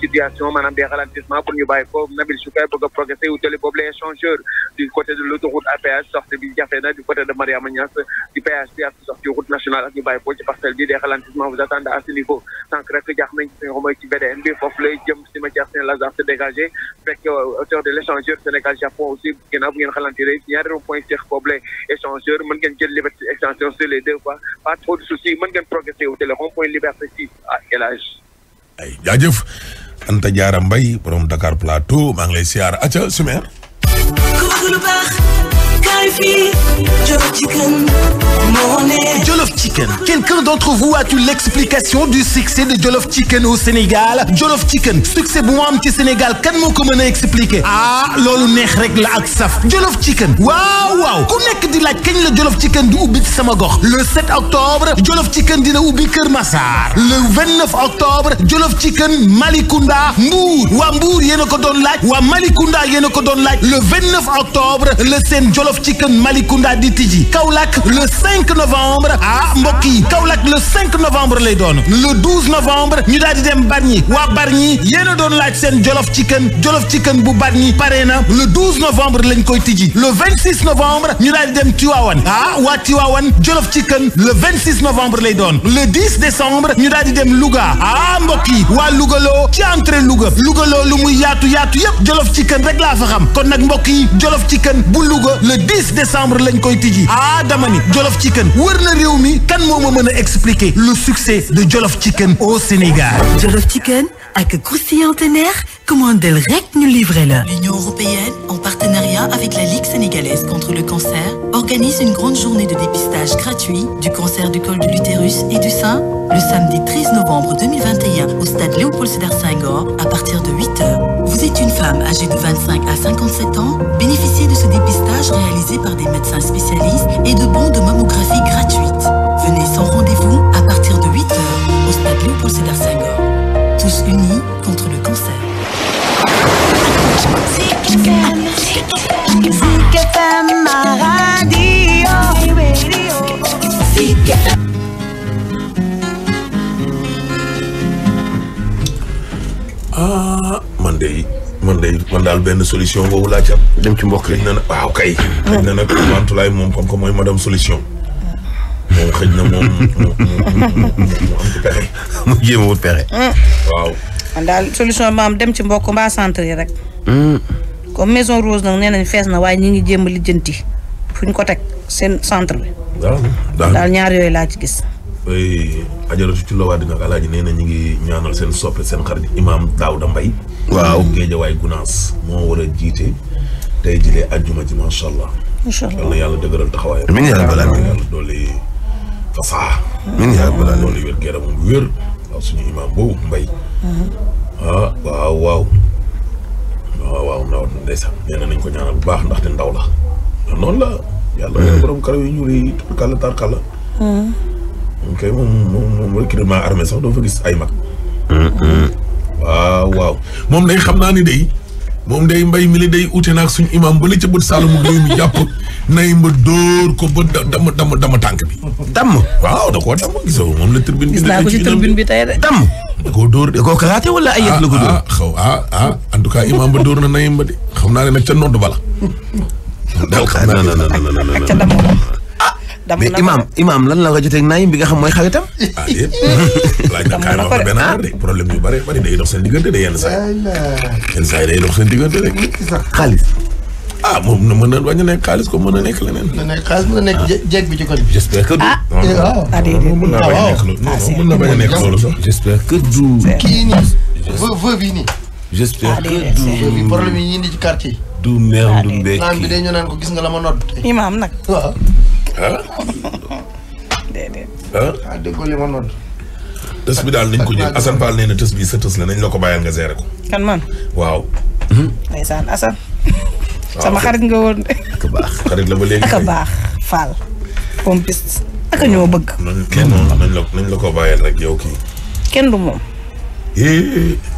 situation maanaam des ralentissements pour ñu bàyyi Nabil Choucair bëgg a progresser utali boobu échangeur du côté de l'autoroute APH sortie bi jafe du côté de Mariama Niass du péage bi route nationale ak ñu bàyyi ko ci parcelle bi des ralentissements vous se dégager fekk hauteur euh, de l'échangeur Sénégal Japon aussi ginnaaw bu ngeen xalantiré point Cheikh Coblé échangeur mën ngeen jël liberté extension sur les deux pas trop de soucis mën ngeen progresser au télé point liberté si à El Hadj. ay jaajëf Anta Diarra Mbaye borom Dakar Plateau maa siyaar acca sumer. Jollof Chicken. Quelqu'un d'entre vous a-t-il l'explication du succès de Jollof Chicken au Sénégal Jollof Chicken succès bu mu am ci Sénégal kan moo ko mën a expliquer ah loolu neex rek la ak saf Jollof Chicken waaw waaw ku nekk di laaj kañ la Jollof Chicken di ubbi ci sama gox le 7 octobre Jollof Chicken dina ubbi Kër Massar le 29 octobre Jollof Chicken Malicounda Mbour waa Mbour yéen a ko doon laaj waa Malicounda yéen a ko doon laaj le 29 octobre Chicken Malicounda di tiji Kaolack le 5 novembre ah mbokk yi Kaolack le 5 novembre lay doon le 12 novembre ñu daal di dem Bargny waa Bargny yéen a doon laaj seen Jolof Chicken Jolof Chicken bu Bargny pare na le 12 novembre lañ koy tiji le 26 novembre ñu daal di dem Tivaouane ah waa Tivaouane Jolof Chicken le 26 novembre lay doon le 10 décembre ñu daal di dem Louga ah mbokk yi waa Louga loo ci entrée Louga Louga loo lu muy yaatu yaatu yépp Jolof Chicken rek laa fa xam kon nag mbokk yi Jolof Chicken bu Louga 6 décembre lañ koy tijji ah dama ni Jolof na réew mi kan moo ma mën a expliquer le de Jolof Chicken au Sénégal. Jolof Chicken ak croustillant tenaire commandel rek ñu livré la. L'Union européenne en partenariat avec la Ligue sénégalaise contre le cancer organise une grande journée de dépistage gratuit du cancer du col de l'utérus et du sein le samedi novembre au stade Léopold Sédar Senghor à partir de 8 heures. Vous êtes une femme âgée de 25 à 57 ans Bénéficiez de ce dépistage réalisé par des médecins spécialistes et de bons de mammographie gratuites. Venez sans rendez-vous à partir de 8 heures au stade Léopold Sédar Senghor. Tous unis contre le cancer. day man daal benn solution boobu laa ci am. dem ci mbokk yi xëy kay. xëy na moom comme que mooy madame solution. moom xëy na moom mu pexe. mu jéem a pexe. waaw. man daal solution maam dem ci mbokk mbaa centre yi rek. comme maison rose nag nee fees na waaye ñi ngi jéem a lijjanti fu ñu ko teg seen centre bi. waaw daal ñaar yooyu laa ci gis. ay ajaratu ci lowaat nag alaaji nee na ñu ngi ñaanal seen soppe seen xarit imaam Daouda Mbaye waaw géejawaay gunaas moo war a jiite tey jilee ajjuma ji macha allah. macha allah yal na yàlla dëgëral taxawaay. amiin yaa rabbal aalamiin yàlla doole fasaa. amiin yaa rabbal aalamiin doole wér gu yaram bu wér. waaw suñu imaam boobu mbay. Mm-hmm. ah waaw waaw. waaw ah, waaw ndaw ndeysaan nee nañ ko ñaanal bu baax ndaxte ndaw la. noonu la. yàlla na mm-hmm. borom karaw yi ñu ngi tarkalla tarkalla. Mm-hmm. ok moom moom moom kii de maa armé sax doo fa gis ay mag. waaw ah, waaw moom day xam naa ni day moom day mbay mi li day uti naag suñu imam ba li ca bët Saloum réew mi jàpp nay ma dóor ko ba dama dama dama tànk bi. damm waaw da koo damm moom la turbin bi. gis naa ko ci bi tey de ko da koo dóor da koo karaate ay yëf ah, ah, xaw ah ah en tout cas imam ba door na nay ma de xam naa ne nag ca nodd bala. daal xam naa ne ak ca damm damm na imaam imaam lan la nga jotee naayim bi nga xam mooy xaritam. ah yëpp laaj na kaay ma de ah. problème yu bare bari day dox seen diggante de yenn saa yi. yenn saa yi day dox seen diggante rek. ah moom mën na wàññi nekk xaalis ko mën na nekk leneen. mën na nekk xaalis mën na nekk jeeg bi ci ko. j'espère que ah mën na bañ a nekk loolu. mën ah. ah. na bañ a nekk yi du meer Ndumbé ah, kii bi ko gis nga la ma nodd. imaam nag. waaw. Ah. Ah? déedéet. ah déggoo li ma tës bi daal nañ ko jël Assane Fall nee na tës bii sa tës la nañ la ko bàyyal nga seere ko. kan man waaw. Hmm? ndeysaan Assane. sama xarit nga woon de. ak baax xarit la ba léegi. a baax Fall. pompiste ak ñoo bëgg. kenn nañ la nañ la ko rek yow kii. kenn du moom.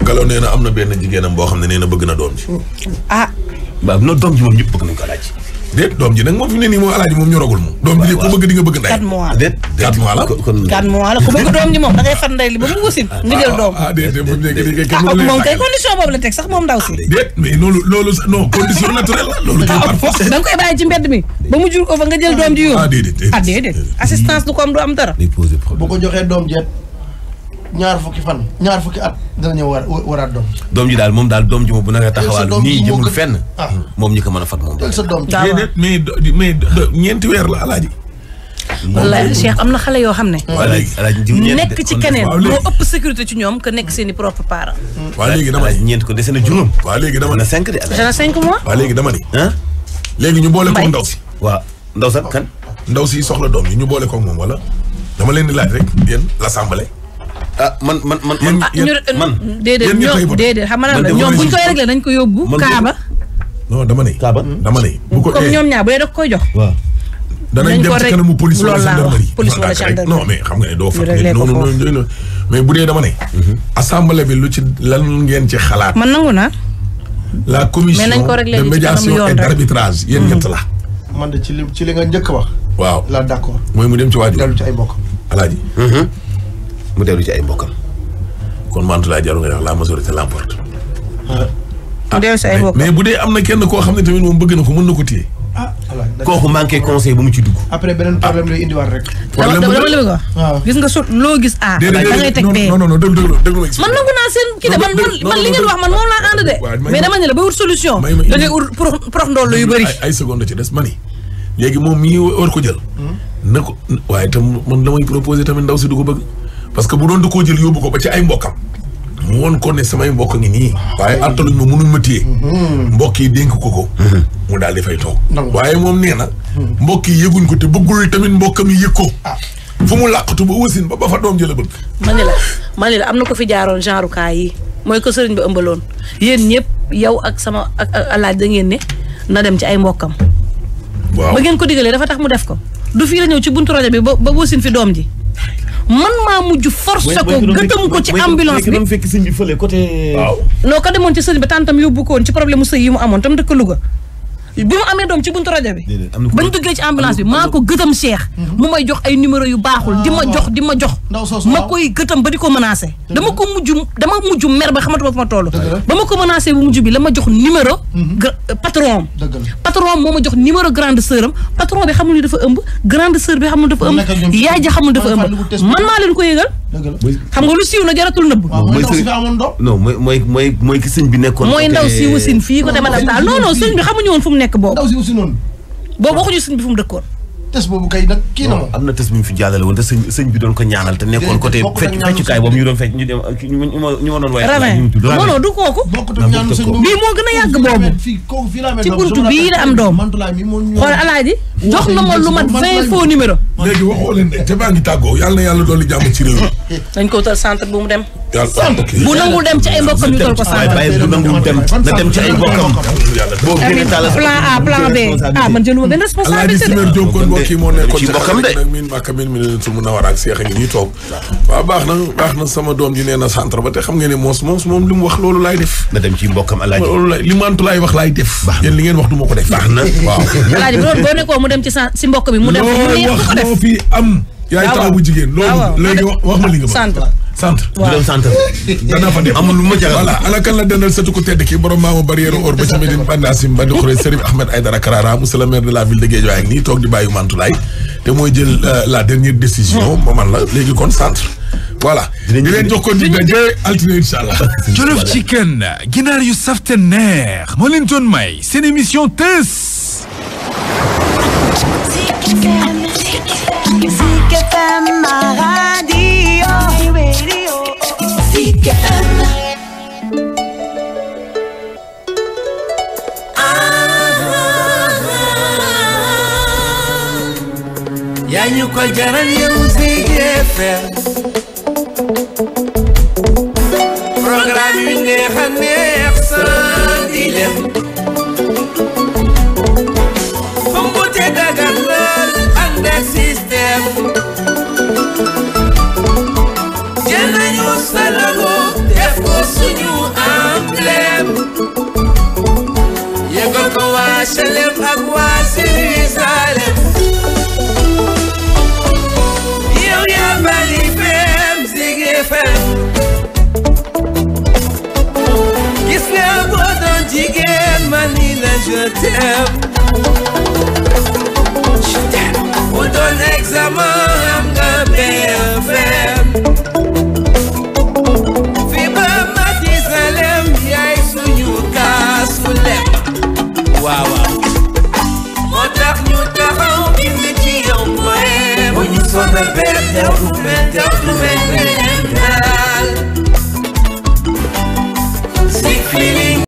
galaw nee am na benn jigéenam boo xam ne nee na bëgg na doom ji. ah. waaw non doom ji moom ñëpp bëgg nañ ko laaj. déet doom ji nag moom doom ji de ah, ah, ah, assistance du ko du am dara. day ko joxee doom jeet ñaar fukki fan ñaar fukki at dana ñëw war waraat doom doom ji daal moom daal doom ji moom bu naka taxawaalu nii jëmul fenn ah. moom ñi ko mën a fat moom sa doom mais mais ñeenti weer la alaaji wallaay Cheikh am na xale yoo xam ne nekk ci keneen moo ëpp sécurité ci ñoom que nekk seen i propre parent waa léegi dama ne ñeent ko dese na juróom waa léegi dama ne cinq de dana cinq mois waa léegi dama ne léegi ñu boole ko ndaw si waa ndaw sa kan ndaw si soxla doom yi ñu boole ko moom wala dama leen di laaj rek la l'assemblée ah man man man man. Ah, man euh, déedéet ñoom déedéet xam nga la ñoom buñ koy réglé dañ ko yóbbu. Kaaba non dama ne. Kaaba dama ne. bu ko comme eh. ñoom ñaar bu dee da koy jox. waaw. danañ dem ci kanamu police wala gendarmerie police wala gendarmerie non mais xam nga ne doo fàttali non mais bu dee dama ne. Mhm. assemblée bi lu ci lan ngeen ci xalaat. man nangu naa. la commission de médiation et d'arbitrage yéen ñett mhm. la. man de ci li ci li nga njëkk wax. waaw la d'accord. mooy mu dem ci waajur dellu ci ay mbokk alaaji mhm. mu dellu ci ay mbokkam. kon Mantoulaye Diallo nga la majorité l'emporte. Ah, bu dee am na kenn koo xam ne tamit moom bëgg na ko mën na ko téye. ah bu mu ci dugg. après beneen ah. problème lay a ah, da ngay teg bee non naa seen kii de man man li ngeen wax man moom laa ànd de. mais dama ne la ba wut solution. may ma indi pour prox ndool yu bëri. ay seconde ci des ma léegi moom mii war ko jël. Hmm? na ko waaye itam man la may proposé tamit ndaw si du ko bëgg. parce que bu doon da koo jël yóbbu ko ba ci ay mbokkam mu woon ko ne samay mbokk nii waaye attaluñ ma mënuñ ma téye mbokk yi dénk ko ko mu daal di fay toog waaye moom nee na mbokk yi yëguñ ko te bëggul tamit mbokkam yi yëg ko ah. fu mu làqatu ba ba ba fa doom jëla bëgg mani la mani la am na ko fi jaaroon genre kaay yi mooy ko sëriñ ba ëmbaloon yéen ñëpp yow ak sama ak alaaj da ngeen ne na dem ci ay mbokkam waaw ngeen ko digalee dafa tax mu def ko du fii ñëw ci buntu rajo bi ba ba wasin fi doom ji man maa mujj force ko gëtëm ko ci ambulance bi fekk sëñ bi fële côté. ko demoon ci sëñ bi tàntam yóbbu ko woon ci problème mu sëy yi mu amoon tam dëkk Louga bi mu amee doom ci buntu rajo bi. ba ñu duggee ci ambulance bi maa ko gëtam Cheikh. Mhm. mu may jox ay numéro yu baaxul di ma ah, jox di ma jox. ma koy gëtam ba di ko menacé. dama ko mujj dama mujj mer ba xamatuma fu ma toll. ba ma ko menacé bu mujj bi la ma jox numéro. Mhm. Euh, patron patron moo ma jox numéro grande sœur am patron bi xamul ni dafa ëmb grande sœur bi xamul dafa ëmb. yaay ja xamul dafa ëmb man maa leen ko yëgal. xam nga lu siiw na jaratul nëbb. mooy mooy mooy mooy mooy ki sëñ bi nekkoon. mooy ndaw si wusin fii ko te madame Tall non sëñ bi xamuñu woon fu mu nekk boobu. ndaw si wusin boobu waxuñu sëñ bi fu dëkkoon. test boobu kay nag kii na moom na test bu fi jàllale woon te bi doon ko ñaanal te nekkoon côté fecc feccukaay boobu ñu doon fecc ñu dem ñu ma doon waaye ramen non non du kooku bokkut ak ñaanu sëñ bii moo gën a yàgg boobu ci buntu bii la am doom xool alaaji jox na ma mat vingt faux te baa ngi tàggoo yàlla na yàlla dolli jàmm ci réew mi dañ centre bu mu dem ah, bu nangul dem ci ay mbokkam ñu ko centre bu nangul dem na dem ci ay mbokkam boo gën a plan A plan B ah man jëluma benn responsabilité kii moo nekkoon ci de nag miin màkka mi ne tul mun a war ak a ngi nii toog baax na sama doom ji nee na centre ba xam ngeen ne moos moom li wax loolu laay def na dem ci mbokkam alaaji loolu laay li mantu laay wax laay def yéen li ngeen wax du ma ko def baax na waaw alaaji bu doon boo nekkoon mu dem ci si mi mu dem moo fi am yaay taaw bu jigéen loolu léegi wax ma li nga centre centre di dem centre danaa fa dem amul lu ma jagal voilà ala kan la dendal sëtu ko tedd ki borom maamu barrière or ba ci Medine Bandasim Mbadi Khouré Serif Ahmed Aïdara Karara monsieur le maire de la ville de Guédiawaye ak nii toog di bàyyi Mantoulaye te mooy jël euh, la dernière décision hmm. mooman la léegi kon centre voilà di leen jox kon di daje altine incha allah jolof chicken ginaar yu safte neex moo leen doon may seen émission tës Zik FM, ma radio. Zik FM. yaa ñu ko jaral yow Zik FM. programme yu neex a neex sans dilemme. Yerusalem ak waa Jérusalem yow yaa Bali FM Zik FM gis nga boo doon jigéen man ni la je t'aime je t'aime boo doon sonal benn jaww benn jaww benn benn daal.